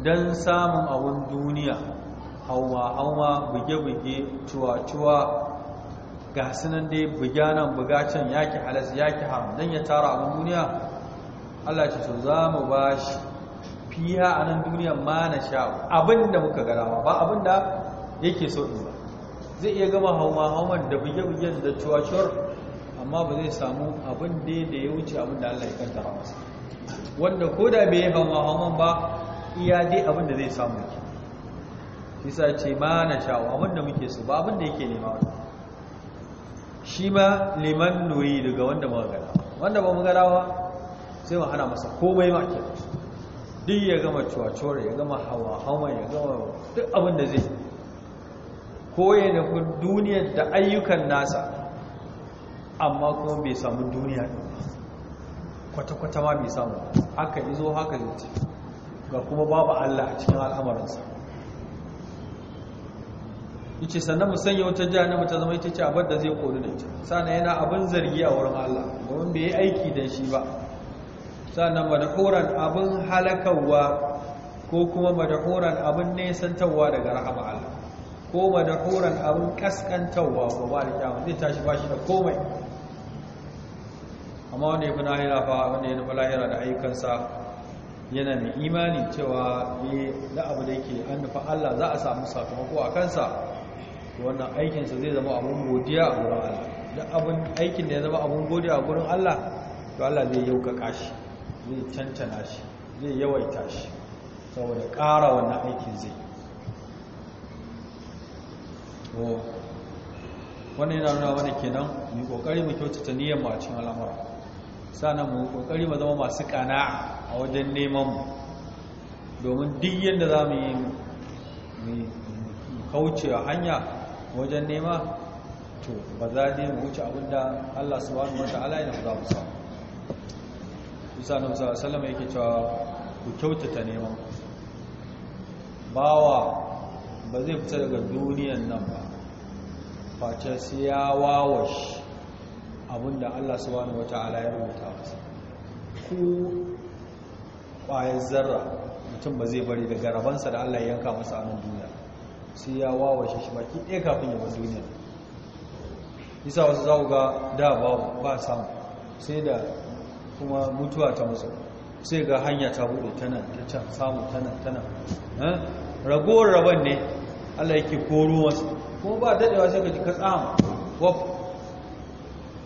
don samun abin duniya Hauwa hauwa buge-buge cuwa-cuwa ga sinan dai buganan bugacin yaki halas yaki ham don ya tara abin duniya allah ce su za mu ba shi fiya a nan duniya ma na sha abin da muka garawa ba abin da yake so in ba zai iya gama hauma hauman da buge-bugen da cuwacuwar amma ba zai samu abin da da ya wuce abin da Allah ya a masa wanda ko da bai hauma hauman ba iya dai abin da zai samu ke bisa ce ma na sha abin da muke so ba abin da yake nema wata shi ma liman nuri daga wanda muka gara wanda ba mu garawa sai mu hana masa komai ma ke duk ya gama cuwacuwar ya gama hawa hawa ya gama duk abin da zai ko ya nufi duniyar da ayyukan nasa amma kuma bai samu duniya wani. kwata-kwata ma bai samu haka izo haka zai ga kuma babu Allah a cikin al'amarinsa ce sannan mu sanya wata jahannama ta zama ita ce abar da zai kori da ita sannan yana abin zargi a wurin Allah domin bai yi aiki dan shi ba sannan madahuran abin halakawa ko kuma madahuran abin nesantawa daga rahama Allah ko madahuran abin kaskantawa ko ba kyawun zai tashi shi da komai amma wanda ya fi lahira fa wanda ya nufi lahira da ayyukansa yana mai imani cewa ne eh, da abu da yake an nufi Allah za a samu sakamako a kansa wannan aikinsa zai zama abin godiya a wurin Allah duk abin aikin da ya zama abin godiya a gurin Allah to Allah zai yaukaka shi zai cancana shi zai yawaita shi saboda ƙara wannan aikin zai wani yana nuna wani kenan mu yi kokari mu kyautata niyyar macin al'amura sannan mu ƙoƙari kokari zama masu kana'a a wajen neman mu domin duk yadda za mu yi mu kauce a hanya wajen nema to ba za mu wuce abinda Allah subhanahu wataala ya za mu samu isa na musa sallama yake cewa ku kyautata neman bawa ba zai fita daga duniyan nan ba face sai ya wawashi abinda allah subhanahu wata'ala ya rubuta masa ku ƙwayar zarra mutum ba zai bari daga rabansa da allah yanka masa anan duniya sai ya wawashe shi baki ɗaya kafin ya bar duniya isa wasu za ga da ba samu sai da kuma mutuwa ta musu sai ga hanya ta buɗe tana ta can samu tana tana ragowar rabon ne allah yake koro wasu kuma ba daɗewa sai ka ji ka tsama waf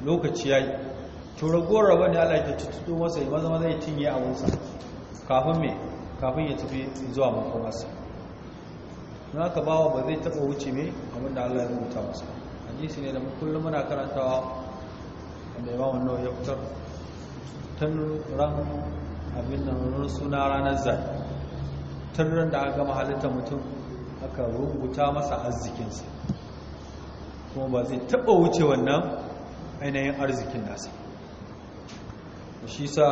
lokaci ya yi to ragowar rabon ne allah yake cututu masa yi maza maza ya a wunsa kafin me kafin ya tafi zuwa makomarsa na ka bawa ba zai taɓa wuce me da allah ya rubuta masa hadisi ne da kullum muna karantawa da imam nawa ya fitar tun ran abin nan suna ranar zai tun ran da aka gama halittar mutum aka rubuta masa arzikinsa kuma ba zai taɓa wuce wannan ainihin arzikin nasa shi sa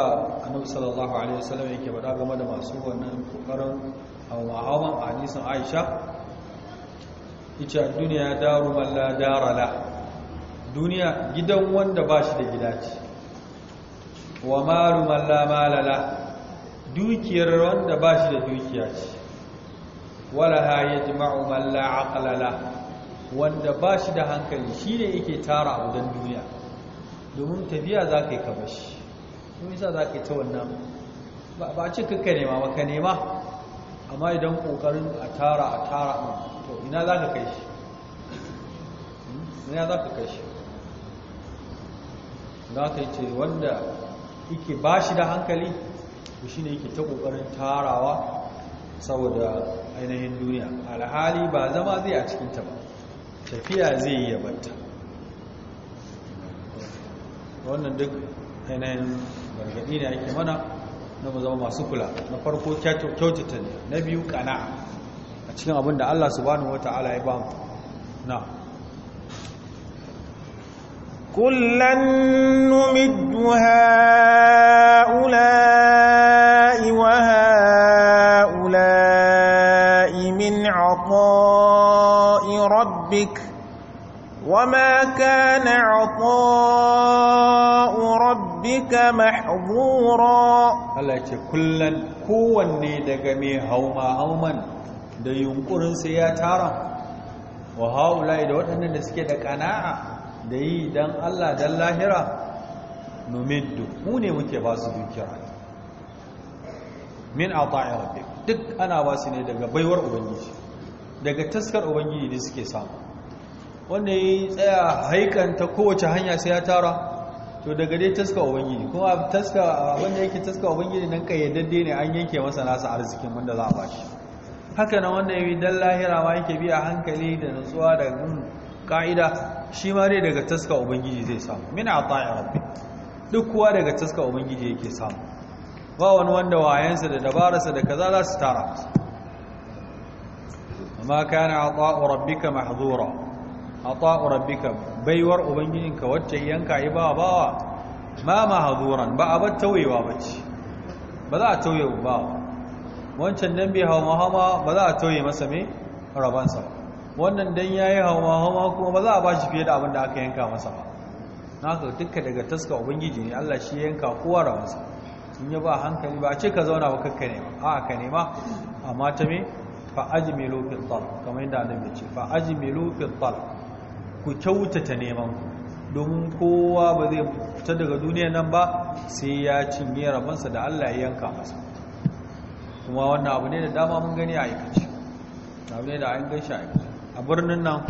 annabi sallallahu alaihi wasallam yake faɗa game da masu wannan kokarin hawa a hadisin Aisha ita duniya daru man rala. duniya gidan wanda ba shi da gida ce wa malu malla malala dukiyar wanda ba shi da dukiya ce wala ha ya jima'u malla aqlala wanda ba shi da hankali shi ne yake tara a wajen duniya domin tafiya za ka yi kamashi kuma yasa za ka yi ta wannan ba ce kakka nema maka nema amma idan kokarin a tara a tara to ina za ka kai shi hmm? ina za ka kai shi za ka yi ce wanda yake ba shi da hankali shi ne yake ta ƙoƙarin tarawa saboda ainihin duniya alhali ba zama zai a cikin ba tafiya zai yi yabanta wannan duk ainihin gargaɗi ne ake mana na mu zama masu kula na farko kyautata na biyu kana a cikin abin da Allah subhanahu ala ya ba mu na كلا نمد هؤلاء وهؤلاء من عطاء ربك وما كان عطاء ربك محظورا هل كلا كواني دقمي هوما هوما da yunkurinsa ya tara wa haula da da yi don Allah don lahira numiddu mu ne muke ba su dukiya min a ta'ayi rabbi duk ana ba su ne daga baiwar ubangiji daga taskar ubangiji ne suke samu wanda ya tsaya haikanta kowace hanya sai ya tara to daga dai taskar ubangiji kuma taska wanda yake taskar ubangiji nan kayyadadde ne an yanke masa nasa arzikin wanda za a bashi haka nan wanda yi dan lahira ma yake biya hankali da nutsuwa da gun ka'ida shi ma dai daga taska ubangiji zai samu min ata'i rabbi duk kuwa daga taska ubangiji yake samu ba wani wanda wayansa da dabararsa da kaza za su tara masa amma kana ata'u rabbika mahzura ata'u rabbika baiwar ubangijinka wacce yanka yi ba bawa ma mahzuran ba tawayewa tauyewa bace ba za a tauye ba wancan nan bai hawa mahama ba za a tauye masa mai rabansa ba wannan dan yayi hawa hawa kuma ba za a bashi fiye da abin da aka yanka masa ba naka dukkan daga taska ubangiji ne Allah shi yanka kowa masa. in ya ba hankali ba a ce ka zauna ba kakka ba a ka nema amma ta me fa ajmilu fil talab kamar yadda annabi ya ce fa ajmilu fil talab ku kyautata neman ku domin kowa ba zai fita daga duniya nan ba sai ya cinye rabansa da Allah ya yanka masa kuma wannan abu ne da dama mun gani a aikace abu ne da an gaishe a aikace a birnin nan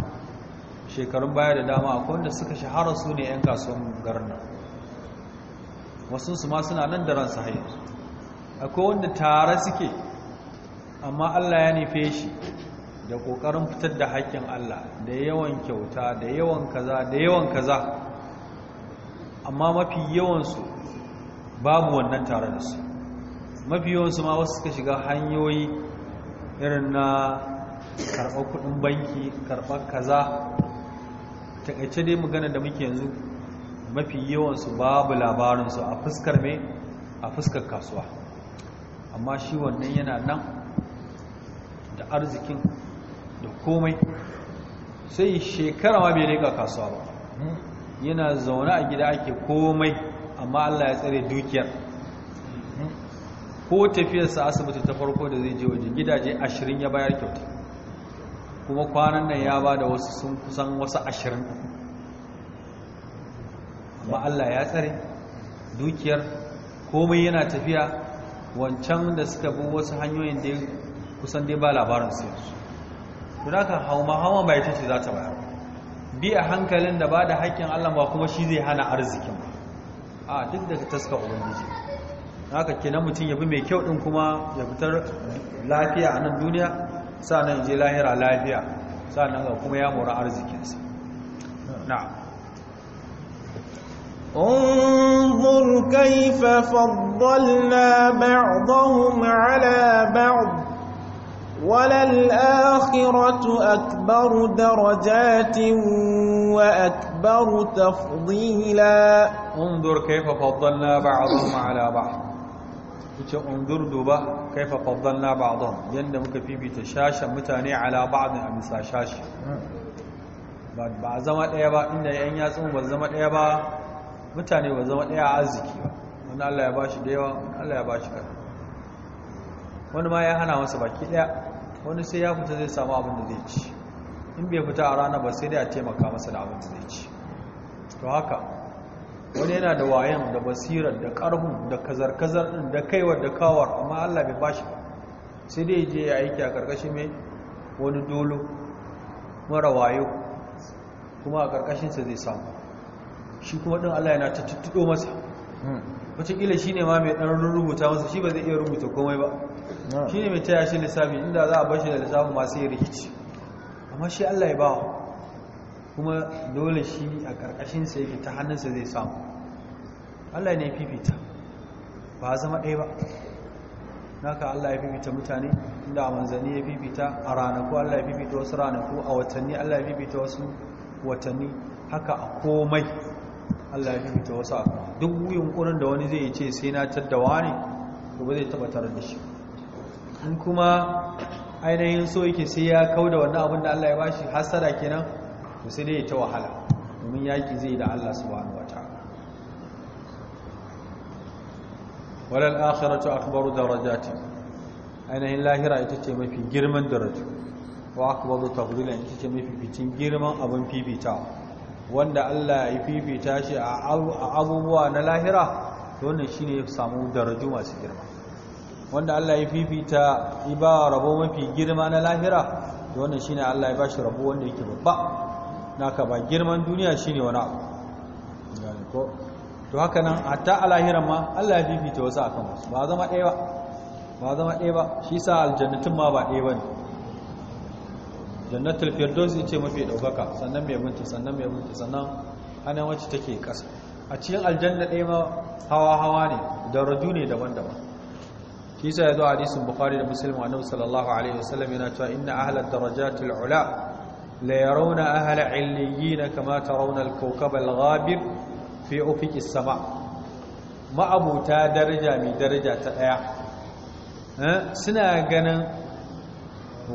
shekarun baya da dama akwai wanda suka shahara su ne 'yan kasuwan garin nan wasu su ma suna nan da ransa haye akwai wanda tare suke amma allah ya nufe shi da ƙoƙarin fitar da haƙƙin allah da yawan kyauta da yawan kaza da yawan kaza amma mafi yawansu babu wannan tare da su mafi yawansu ma wasu suka shiga hanyoyi irin na karɓar kuɗin banki karɓar kaza takaice dai magana da muke yanzu mafi su, babu labarinsu a fuskar mai a fuskar kasuwa amma shi wannan yana nan da arzikin da komai sai shekara ma bai rika kasuwa ba yana zaune a gida ake komai amma allah ya tsare dukiyar ko tafiyarsa asibiti ta farko da zai je waje gidaje ashirin ya bayar kyauta kuma kwanan nan ya ba da wasu sun kusan wasu ashirin amma Allah ya tsare dukiyar komai yana tafiya wancan da suka bi wasu hanyoyin da kusan dai ba labarin su da kan hauma hauma bai tace za ta bayar bi a hankalin da ba da haƙƙin Allah ba kuma shi zai hana arzikin a duk daga taska ubangiji haka kenan mutum ya bi mai kyau ɗin kuma ya fitar lafiya a nan duniya sanan je lahira lafiya sanan ga kuma ya mora arzikinsa انظر كيف فضلنا بعضهم على بعض وللآخرة أكبر درجات وأكبر تفضيلا انظر كيف فضلنا بعضهم على بعض yace unzur duba kaifa faddalna ba'dhum yanda muka fifita shashan mutane ala ba'dhin a bisa shashi ba a zama daya ba inda yan yatsun ba zama daya ba mutane ba zama daya a arziki ba wani Allah ya bashi da yawa wani Allah ya bashi kada wani ma ya hana masa baki daya wani sai ya fita zai samu abin da zai ci in bai fita a rana ba sai dai a taimaka masa da abin da zai ci to haka wani yana da wayan da basirar da karhun da kazar-kazar din da kaiwar da kawar amma Allah bai bashi sai dai je ya aiki a karkashin mai wani dolo mara wayo kuma a ƙarƙashinsa zai samu shi kuma din Allah yana ta tuttuɗo masa hmm. wacekila shi ne ma mai ɗan rubuta masa shi ba zai iya rubuta komai ba hmm. shi ne mai taya shi lissafi inda za a bashi da lissafi masu yi rikici amma shi Allah ya bawa kuma dole shi a ƙarƙashinsa yake ta hannunsa zai samu allah ne fifita ba zama ɗaya ba naka allah ya fifita mutane inda a manzanni ya fifita a ranaku allah ya fifita wasu ranaku a watanni allah ya fifita wasu watanni haka a komai allah ya fifita wasu a duk yunkurin da wani zai ce sai na taddawa ne to ba zai tabbatar da shi in kuma ainihin so yake sai ya kau da wannan abin da allah ya bashi hasara kenan to sai dai ta wahala domin yaki zai da Allah subhanahu wataala walal akhiratu akbaru darajati ainihin lahira ita ce mafi girman daraja wa akbaru tafdilan ita ce mafi fitin girman abin fifita wanda Allah ya fifita shi a abubuwa na lahira to wannan shine ya samu daraju masu girma wanda Allah ya fifita iba rabo mafi girma na lahira to wannan shine Allah ya bashi rabo wanda yake babba naka ba girman duniya shine wani abu gani ko to haka nan hatta alahiran ma Allah ya fifita wasu akan wasu ba zama ɗaya ba ba zama ɗaya ba shi sa aljannatin ma ba ɗaya ba bane jannatul firdaus ce mafi ɗaukaka sannan mai binta sannan mai binta sannan hana wacce take ƙasa a cikin aljanna ɗaya ma hawa hawa ne daraju ne daban-daban shi sa ya zo hadisin bukhari da muslim annabi sallallahu alaihi wasallam yana cewa inna ahlad darajatil ula la yarawna ahla illiyina kama tarawna al-kawkab al-ghabir fi ufiq as-sama' ma'abuta daraja mai daraja ta daya suna ganin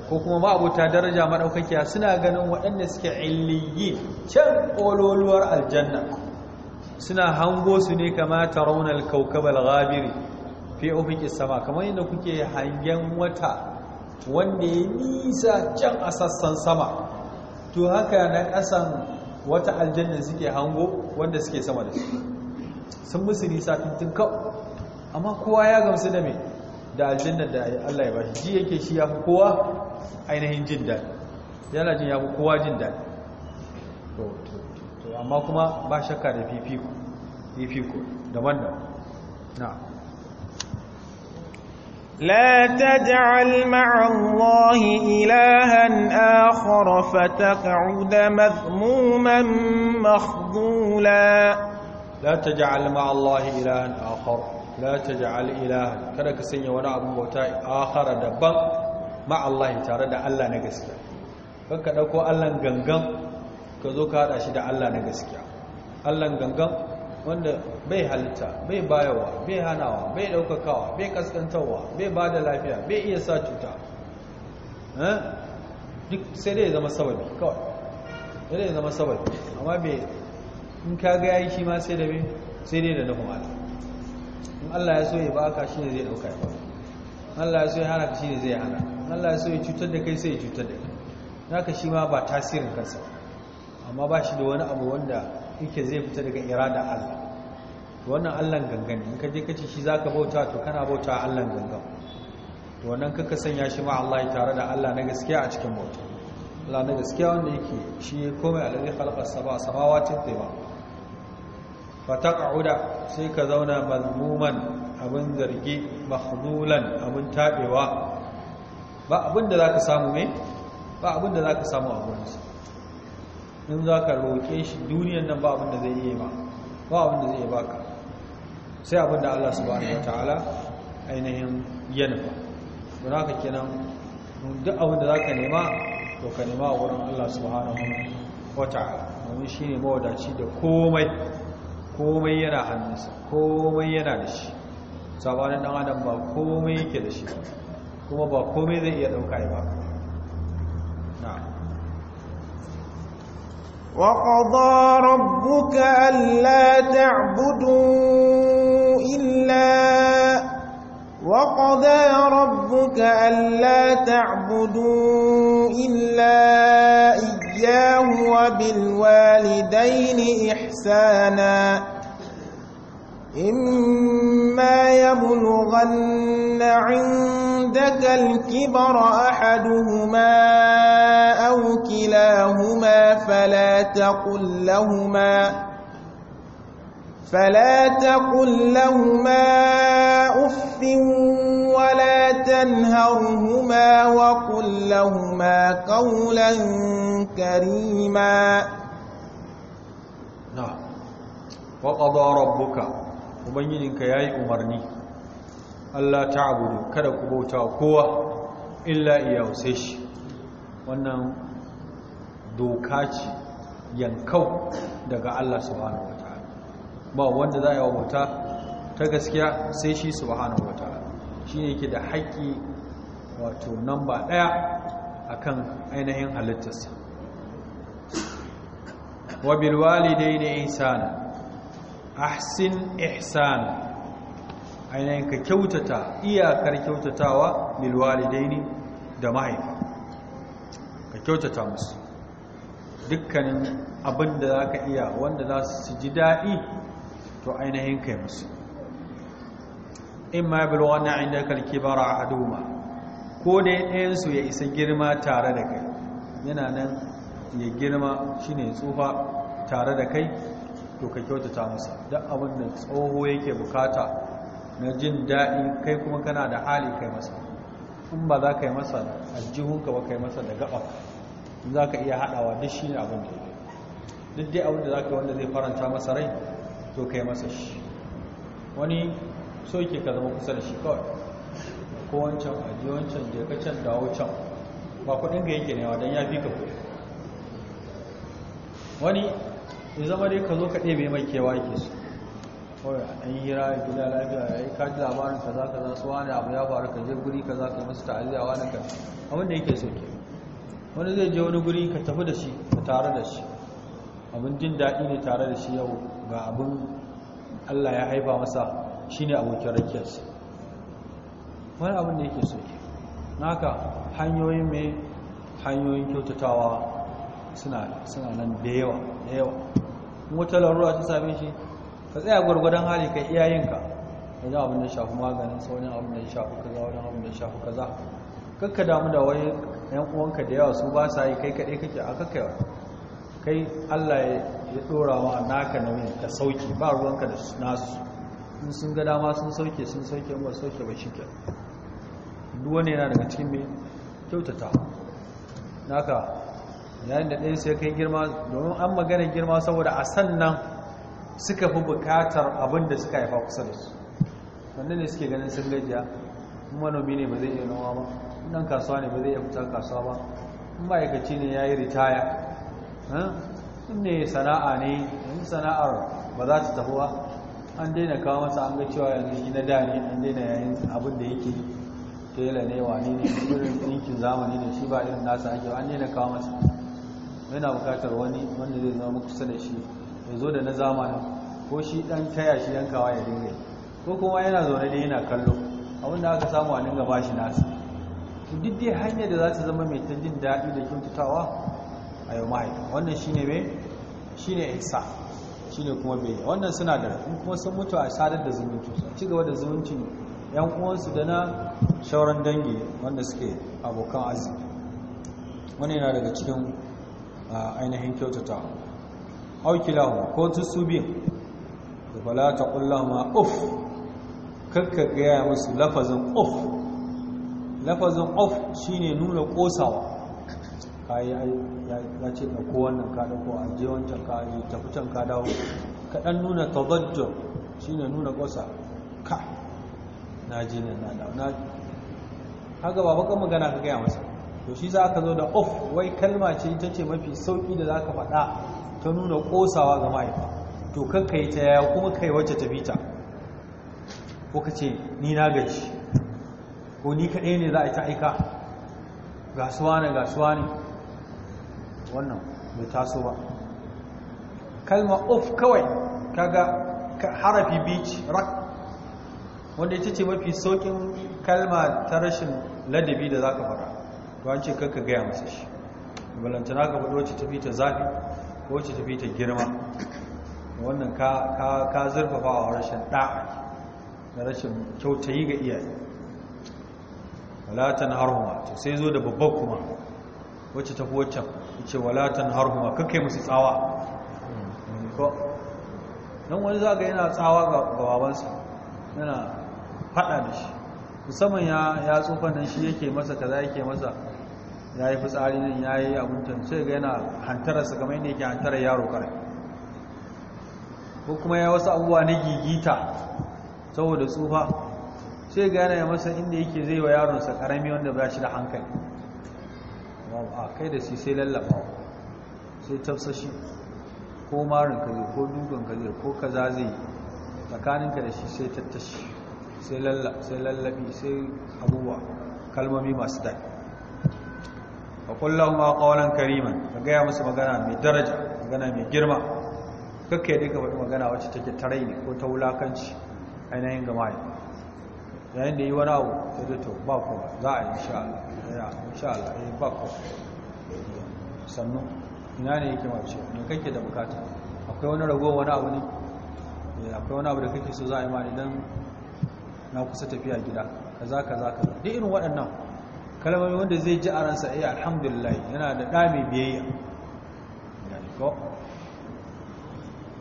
ko kuma ma'abuta daraja madaukakiya suna ganin waɗanda suke illiyi can kololuwar aljanna suna hango su ne kama tarawna al-kawkab al fi ufiq sama kamar yadda kuke hangen wata wanda ya nisa can a sassan sama to haka na ƙasan wata aljanna suke hango wanda suke sama da shi sun musu nisa tuntun kawo amma kowa ya gamsu da mai da aljanna da Allah ya bashi ji yake shi ya fi kowa ainihin jin daɗi yana jin ya fi kowa jin daɗi amma kuma ba shakka da fifiko da daban-daban na لا تجعل مع الله إلها آخر فتقعد مذموما مخذولا لا تجعل مع الله إلها آخر لا تجعل إلها كذا كسنيا وانا أبو بوتا آخر دبا مع الله تعالى دا الله نغسكيا كذا كو الله غنغم كذو كذا شي دا الله نغسكيا الله غنغم wanda bai halitta bai bayawa bai hanawa bai daukakawa bai kaskantarwa bai ba da lafiya bai iya sa cuta eh? duk sai dai zama sababi kawai sai dai zama sababi amma bai in ka ga yayi shi ma sai da sai dai da nufin ala in Allah ya so ya ka shi ne zai dauka ya baka Allah ya so ya hana ka shi ne zai hana Allah ya so ya cutar da kai sai ya cutar da kai naka shi ma ba tasirin kansa amma ba shi da wani abu wanda yake zai fita daga irada Allah wannan Allah gangan in ka je ka shi zaka bauta to kana bauta Allah gangan to wannan kaka sanya shi ma Allah tare da Allah na gaskiya a cikin bauta Allah na gaskiya wanda yake shi komai alladhi khalaqa as-sama samawati tayyiba fataq'uda sai ka zauna mazmuman abin zargi mahdulan abin tabewa ba abin da zaka samu me ba abin da zaka samu a gurinsa in za ka roƙe shi duniyan nan ba abin da zai iya ba ba abin da zai ka sai abin da Allah ne ta'ala ainihin ya ba don ka kenan duk abin da za ka nema to ka nema a wurin Allah subhanahu wata domin shi ne mawadaci da komai komai yana hannunsa komai yana da shi sabanin dan adam ba komai yake da shi kuma ba komai zai iya ɗauka ya ba na وقضى ربك ألا تعبدوا إلا وقضى ربك ألا تعبدوا إلا إياه وبالوالدين إحسانا إما يبلغن عند عندك الكبر أحدهما أو كلاهما فلا تقل لهما فلا تقل لهما أف ولا تنهرهما وقل لهما قولا كريما نعم وقضى ربك وبينك يا أمرني Allah ta abudu kada ku bauta kowa illa iya sai shi wannan doka ce yankau daga Allah subhanahu wataala ba wanda za a ya bauta ta gaskiya sai shi subhanahu shi ne yake da haƙƙi wato namba ɗaya a kan ainihin halittarsa wa dai ne ihsana ahsin ihsan. ainihin ka kyautata iyakar kyautatawa bilwalidaini da mahaifa ka kyautata musu dukkanin abin da za ka iya wanda za su ji daɗi to ainihin kai musu in ma bil wannan inda kalki bara a haduma ko dai ɗayansu ya isa girma tare da kai yana nan ya girma shi ne tsufa tare da kai to ka kyautata musa duk abin da tsoho yake bukata na jin daɗi kai kuma kana da hali kai masa in ba za ka yi masa aljihunka ba ka yi masa da gaba za ka iya haɗawa duk shi ne abin da duk dai abin da za ka wanda zai faranta masa rai to ka yi masa shi wani so ke ka zama kusa da shi kawai ko wancan a da ka can dawo can ba kudin ga yake newa don ya fi ka wani ya zama dai ka zo ka ɗebe mai kewa yake su kawai a ɗan hira ya gida lafiya ya yi kaji labarin ka za ka za su wani abu ya faru ka je guri ka za ka yi masu ta'aziyya wani ka abin da yake sauke wani zai je wani guri ka tafi da shi ka tare da shi abin jin daɗi ne tare da shi yau ga abin allah ya haifa masa shine abokin rakiyarsa wani abin da yake sauke naka hanyoyin mai hanyoyin kyautatawa suna nan da yawa da yawa wata larura ta same shi ka tsaya gwargwadon hali ka iyayenka wajen abin da shafi maganin saunin abin da shafi kaza wajen abin da shafi kaza kakka damu da wani yan uwanka da yawa su ba sa yi kai kaɗai kake a kakkaiwa kai allah ya ɗora wa naka nauyin ka sauki ba ruwanka da nasu in sun ga dama sun sauke sun sauke ba sauke ba ke duk wani yana daga cikin mai kyautata naka yayin da ɗaya sai kai girma domin an magana girma saboda a sannan suka fi bukatar abin da suka haifa kusa da su Wanne ne suke ganin sun gajiya manomi ne ba zai iya noma ba nan kasuwa ne ba zai iya fitar kasuwa ba ma'aikaci ne ya yi ritaya eh, in ne sana'a ne in sana'ar ba za ta tafi ba an daina kawo masa an ga cewa yanzu shi na da ne an daina yayin abin da yake tela ne wa ne irin ɗinkin zamani ne shi ba irin nasa ake an daina kawo masa yana bukatar wani wanda zai zama kusa da shi ya zo da na zamanin ko shi ɗan taya shi yankawa ya dinga ko kuma yana zaune da yana kallo abinda aka samu a dinga ba shi nasu duk dai hanyar da za ta zama mai ta jin daɗi da kyautatawa a yau mahaifa wannan shi ne mai shi ne isa shi ne kuma bai wannan suna da in kuma sun mutu a sadar da zumunci a ci gaba da zumuncin yan uwansu da na shauran dangi wanda suke abokan arziki wani yana daga cikin ah, ainihin kyautatawa aukilahu ko su biyun da fala ta kullama uf kakka gaya musu lafazin uf lafazin uf shine nuna kosawa kayi ya ce ɗauko wannan ka ɗauko a je wancan ka yi tafi can ka dawo kaɗan nuna tazajjo shine nuna kosa ka na ji ne na dawo na haka ba baka magana ka gaya masa to shi za ka zo da of wai kalma ce ita ce mafi sauki da za ka faɗa ta nuna kosawa ga ma'aikata, to kakka yi ta yaya kuma kai wacce ta bita ko ka ce ni na gaji ko ni kaɗai ne za a ta aika gasuwa ne gasuwa ne wannan bai taso ba kalma of kawai kaga harafi beach rak wanda ita ce mafi saukin kalma ta rashin ladabi da za ka fara to an ce kakka gaya masa shi balantana ka faɗo wacce tafi ta zafi ko wacce tafi ta girma wannan ka zurfafa a rashin ɗa'a da rashin kyautayi ga iyaye walatan harhuma to sai zo da babba kuma wacce tafi waccan ce walatan harhuma kakai musu tsawa don wani zaga yana tsawa ga babansa yana fada da shi musamman ya tsofan nan shi yake masa kaza yake masa ya yi fitsari ne ya yi abubuwan sai ga yana su kamar ne ke hantarar yaro kare. ko kuma ya wasu abubuwa na gigita saboda tsufa sai ga yana masa inda yake zai wa yaronsa karami wanda ba shi da hankali a kai da shi sai lallaba sai tafsashi ko marin ka ko dugon ka ko kaza zai tsakaninka da shi sai tattashi sai lallabi sai abubuwa kalmomi masu daɗi fa kullahu ma qawlan kariman ka gaya musu magana mai daraja magana mai girma kakkai dai ka faɗi magana wacce take tarai ne ko ta wulakanci ainihin ga mai yayin da yi wani abu ta da to ba ko za a yi insha Allah ya insha Allah eh ba ko sannu ina ne yake mace ne kake da bukata akwai wani rago wani abu ne eh, akwai wani abu da kake so za a yi ma idan na kusa tafiya gida kaza kaza kaza duk irin waɗannan kalmomi wanda zai ji a ransa iya eh, alhamdulillah yana da ɗami biyayya ko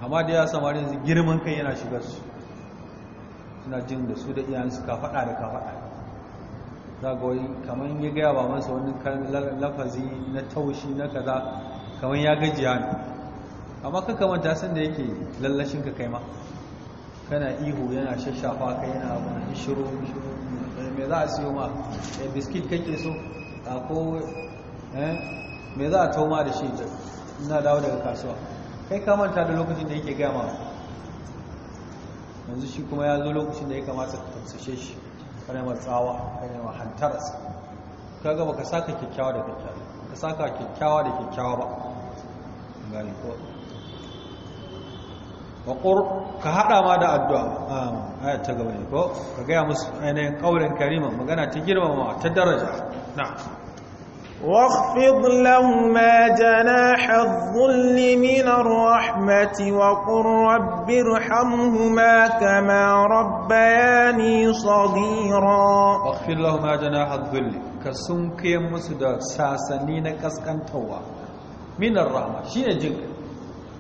amma da ya samarin yanzu girman kai yana shigar su suna jin da su da su ka faɗa da ka faɗa za ga wani kamar ya gaya ba masa wani lafazi na taushi na kaza kamar ya gajiya ne amma ka kamanta san da yake lallashin ka kai ma kana ihu yana shashafa kai yana abu shiru shiru me za a siyo ma eh, biskit kake so a ko eh, me za a tauma da shi da ina dawo daga kasuwa kai ka manta da lokacin da yake gama yanzu shi kuma ya zo lokacin da ya kamata ka tamsashe shi kana ma tsawa kana ma hantarsa kaga ka saka kyakkyawa da kyakkyawa ka saka kyakkyawa da kyakkyawa ba gani waƙur ka haɗa ma da addu’a a ayyata gaba ne ko ka gaya musu ainihin ƙaurin karima magana ta girmama ta daraja na waƙfidlan ma jana haɗin liminar rahmeti waƙur rabbin hamhuma kamar rabbayani tsogira waƙfidlan ma jana haɗin lim ka sun kayan musu da sasanni na ƙasƙantawa minar rahma shi ne jinka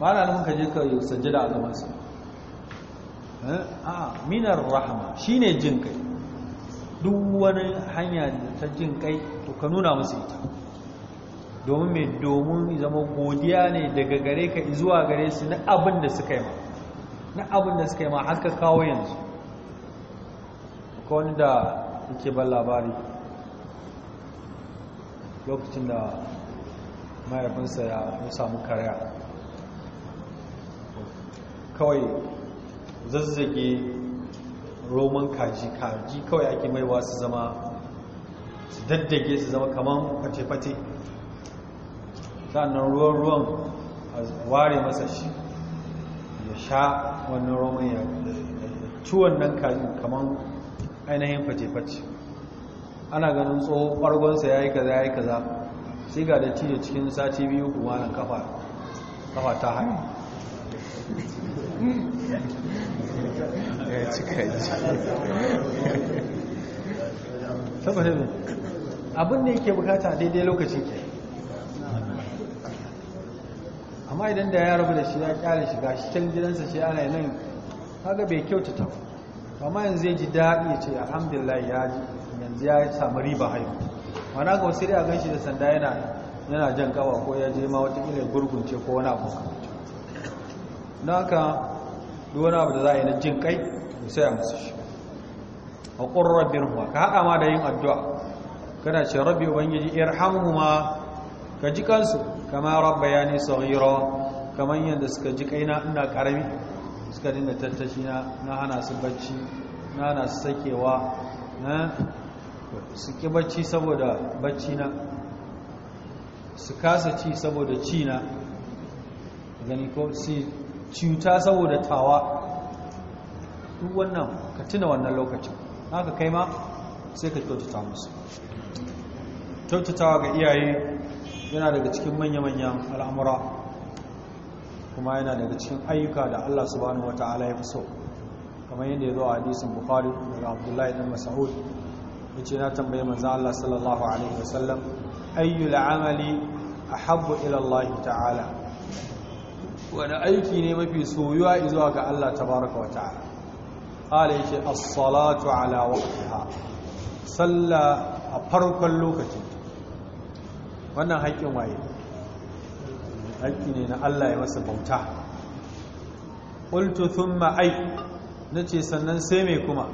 ba na nufin ka je ka sajjada a su. Eh, a minar rahama ne jin kai duk wani hanya ta jin kai to ka nuna musu ita domin mai domin zama godiya ne daga gare ka zuwa gare su na abin da suka yi ma na abin da suka yi ma ka kawo yanzu kawai da yake ban labari lokacin da mayarfinsa ya samu karya kawai zazzage roman kaji kaji kawai ake maiwa su zama su daddage su zama kamar fate-fate sannan ruwan-ruwan a ware masa shi ya sha wannan roman ya ciwon nan kaji kamar ainihin fate-fate ana ganin tsohuwar gwansa ya yi kaza ya yi kaza sai ga da cikin sati biyu kuma nan kafa ta hanyar ya cika ji abin da yake bukata daidai lokacin ke amma idan da ya rabu da shi ya kyale shiga shi gidansa shi ana nan kaga bai kyauta kyautata amma yanzu ya ji daɗi ya ce alhamdulillah ya ji yanzu ya samu riba haihu mana ga wasu a ganshi da sanda yana jan kawa ko ya je ma wata ilai gurgunce ko wani abu don haka duwana abu da za a yi na jin kai sai a musu shi a ƙurar birnuwa ka haɗa ma da yin addu'a kana ce rabbi ubangiji ma ka ji kansu kama rabba ya ne rawa kamar yadda suka ji na ina ƙarami suka dinda tattashi na hana su bacci na hana su sakewa na eh, su ki bacci saboda bacci na su kasa ci saboda ci na gani ko si cuta saboda tawa duk wannan ka tuna wannan lokacin haka kai ma sai ka kyautata musu kyautatawa ga iyaye yana daga cikin manya-manyan al'amura kuma yana daga cikin ayyuka da Allah subhanahu wa ta'ala ya fi so kamar yadda ya zo a hadisin bukhari daga abdullahi ɗan mas'ud ya ce na tambaye manzan Allah sallallahu alaihi wasallam ayyul amali ahabbu ila Allah ta'ala wani aiki ne mafi soyuwa izuwa ga Allah tabaraka wa ta'ala ala yake as-salatu ala waqtiha sallah a farkon lokacin wannan haƙƙin waye haƙƙi ne na Allah ya masa bauta qultu thumma ay nace sannan sai me kuma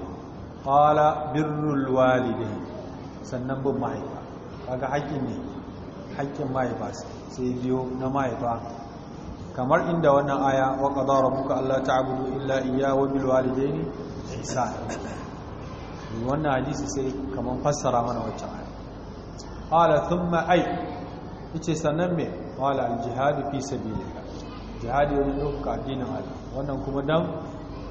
qala birrul walidain sannan bin mahaifa kaga haƙƙin ne haƙƙin mahaifa sai biyo na mahaifa kamar inda wannan aya wa qada rabbuka alla ta'budu illa iyyahu wa bil walidayni ihsana wannan hadisi sai kamar fassara mana wacce aya qala thumma ay yace sannan me qala al jihad fi sabilillah jihadi wani dauka addinin Allah wannan kuma dan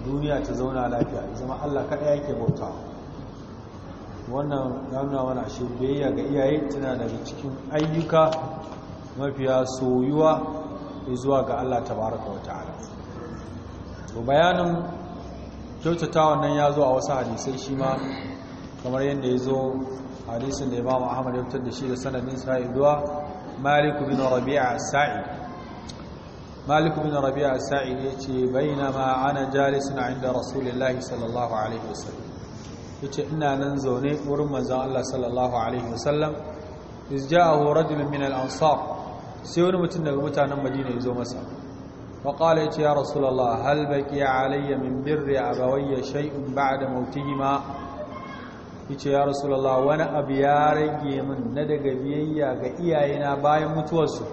duniya ta zauna lafiya zama Allah kada yake bauta wannan ya wani ashe ga iyaye tana daga cikin ayyuka mafiya soyuwa zuwa ga Allah tabaraka wa ta'ala to bayanin kyautatawa nan ya zo a wasu hadisai shi ma kamar yadda ya zo hadisin da Imam Ahmad ya fitar da shi da sanadin sa'i duwa Malik bin Rabi'a sa'i Maliku bin Rabi'a sa'i yace ma ana jalisun inda Rasulullahi sallallahu alaihi wasallam ce ina nan zaune wurin manzon Allah sallallahu alaihi wasallam iz ja'ahu rajulun min al-ansar sai wani mutum daga mutanen madina ya zo masa faƙala ya ce ya rasulallah halbaki ya alayya min birri a bawayya shai'un ba da ma. ya ce ya rasulallah wani abu ya rage min na daga biyayya ga iyayena bayan mutuwarsu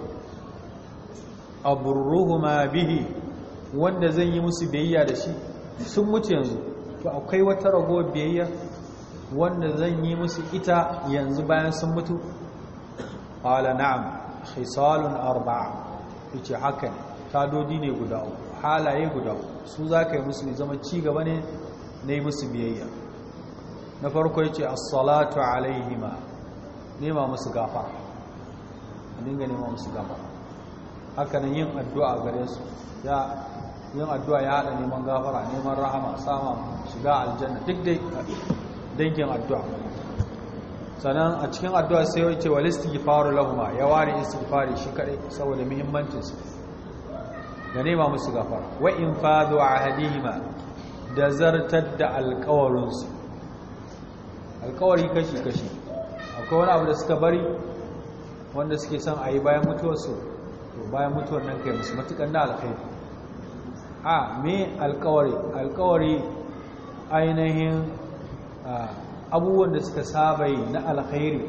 a ma bihi wanda zan yi musu biyayya da shi sun mutu yanzu to akwai wata rago biyayya wanda zan yi musu ita yanzu bayan sun mutu ƙala na'am khisalun arba'a yace haka ne dodi ne guda uku halaye guda uku su zaka yi musu zama ci gaba ne yi musu biyayya na farko yace as-salatu alaihima nema musu gafa dinga nema musu gafa haka nan yin addu'a gare su ya yin addu'a ya hada neman gafara neman rahama sama shiga aljanna duk dai dangin addu'a sannan a cikin addu'a sai yake wal faru lahuma ya ware istighfari shi kaɗai saboda muhimmancin su da nema musu gafara wa’in in a hadima da zartar da alkawarinsu alkawari alƙawari kashi kashi akwai wani abu da suka bari wanda suke son a yi bayan mutuwarsu, to bayan mutuwar nan kai musu matuƙan na alkhairi a me alƙawari alƙawari ainihin abubuwan da suka saba yi na alkhairi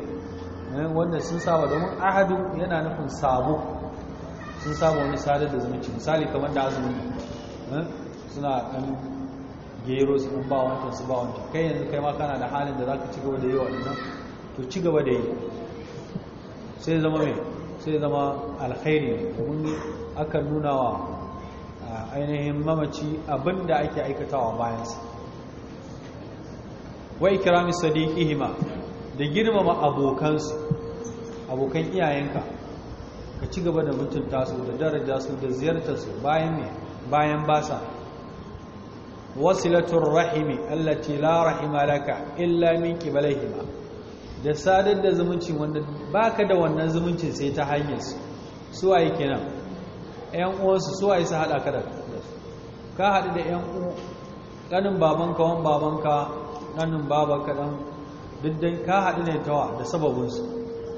eh, wanda sun saba domin ahadu yana nufin sabo sun saba wani sadar da zumunci misali kamar da azumi eh, suna ɗan gero su ɗan ba su ba kai yanzu kai ma kana da halin da za ka ci da yi nan, to ci da yi sai zama mai sai zama alkhairi domin aka nuna wa ah, ainihin mamaci abinda da ake aikatawa bayansa wa ikrami sadiqihima da girmama abokansu abokan iyayenka ka ci gaba da mutunta su da daraja su da ziyartar su bayan me bayan basa wasilatur rahimi allati la rahima laka illa min qibalihima da sadar da zumunci wanda baka da wannan zumuncin sai ta hanyar su su waye kenan ƴan uwansu su waye su hada ka da ka hadu da ƴan uwan kanin babanka wan babanka nanin baba kaɗan duk ka haɗu ne tawa da sababinsu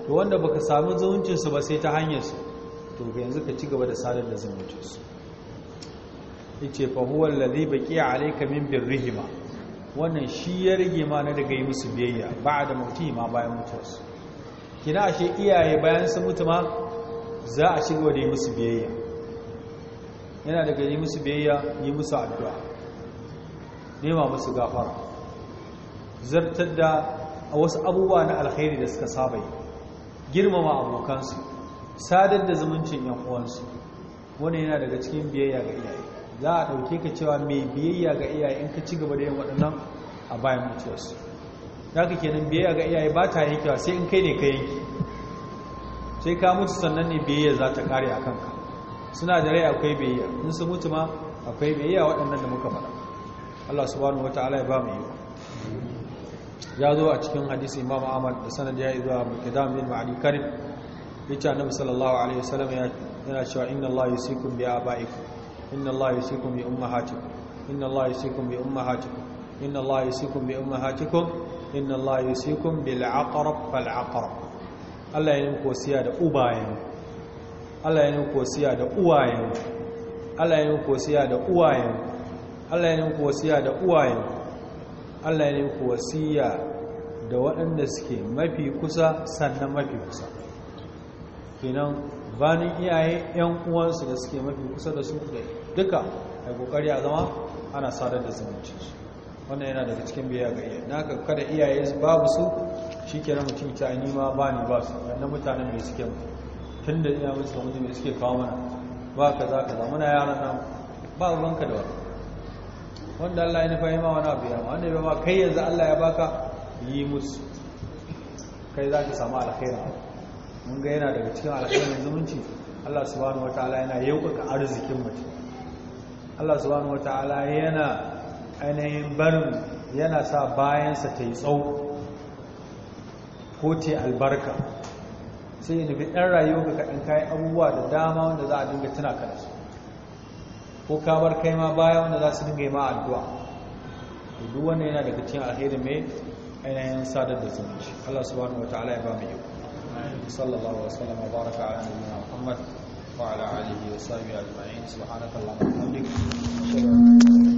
to wanda baka sami zuwuncinsu ba sai ta hanyarsu to ga yanzu ka ci gaba da sadar da zumuncinsu fahuwar fa ba allazi a alayka min rihima wannan shi ya rage ma na daga yi musu biyayya ba da mutu ma bayan mutuwarsu kina ashe iyaye bayan su mutu ma za a da yi musu biyayya yana daga yi musu biyayya yi musu addu'a nema musu gafara zartar da a wasu abubuwa na alkhairi da suka saba yi girmama abokansu sadar da zumuncin yan uwansu wani yana daga cikin biyayya ga iyaye za a ɗauke ka cewa mai biyayya ga iyaye in ka ci gaba da yin waɗannan a bayan mutuwarsu za ka kenan biyayya ga iyaye ba ta yankewa sai in kai ne ka yanki sai ka mutu sannan ne biyayya za ta kare a kanka suna da rai akwai biyayya in su mutu ma akwai biyayya waɗannan da muka faɗa Allah subhanahu wataala ya ba mu yi ya zo a cikin hadisi imam ahmad da sanad ya yi zuwa mukadam bin ma'ali karim ya yace annabi sallallahu alaihi wasallam yana cewa inna allaha yusikum bi abaikum inna allaha yusikum bi ummahatikum inna allaha yusikum bi ummahatikum inna allaha yusikum bi ummahatikum inna allaha yusikum bil aqrab fal aqrab Allah ya nemi kosiya da ubayen Allah ya nemi kosiya da uwayen Allah ya nemi kosiya da uwayen Allah ya nemi kosiya da uwayen Allah ne ku wasiya da waɗanda suke mafi kusa sannan mafi kusa kenan banin iyaye yan uwansu da suke mafi kusa da su da duka a kokari a zama ana sadar da zumunci wannan yana daga cikin biya ga iyaye naka kada iyaye babu su shikenan mutum ta ni ma ba ni ba su wannan mutanen mai suke mu tunda iyaye suka mutum mai suke kawo mana ba kaza kaza muna yaran nan ba ruwanka da wani wanda Allah ya nufa yima wani abu yamma wanda ya ma kai yanzu Allah ya baka yi musu kai za ka samu alkhairin mun ga yana daga cikin alkhairin zumunci Allah subhanahu ta'ala yana yaukaka arzikin mutum Allah subhanahu ta'ala yana ainihin barin yana sa bayansa ta yi tsawo ko ta albarka sai ya nufi ɗan rayuwa ga kaɗan kayan abubuwa da dama wanda za a dinga tuna kansu ko ka bar kai ma baya wanda za su dinga yi ma addu'a duk wannan yana daga cikin alheri mai ainihin sadar da zumunci Allah subhanahu wa ta'ala ya ba mu yau sallallahu alaihi wasallam wa baraka ala nabiyyina Muhammad wa ala alihi wa sahbihi ajma'in subhanakallahumma wa bihamdika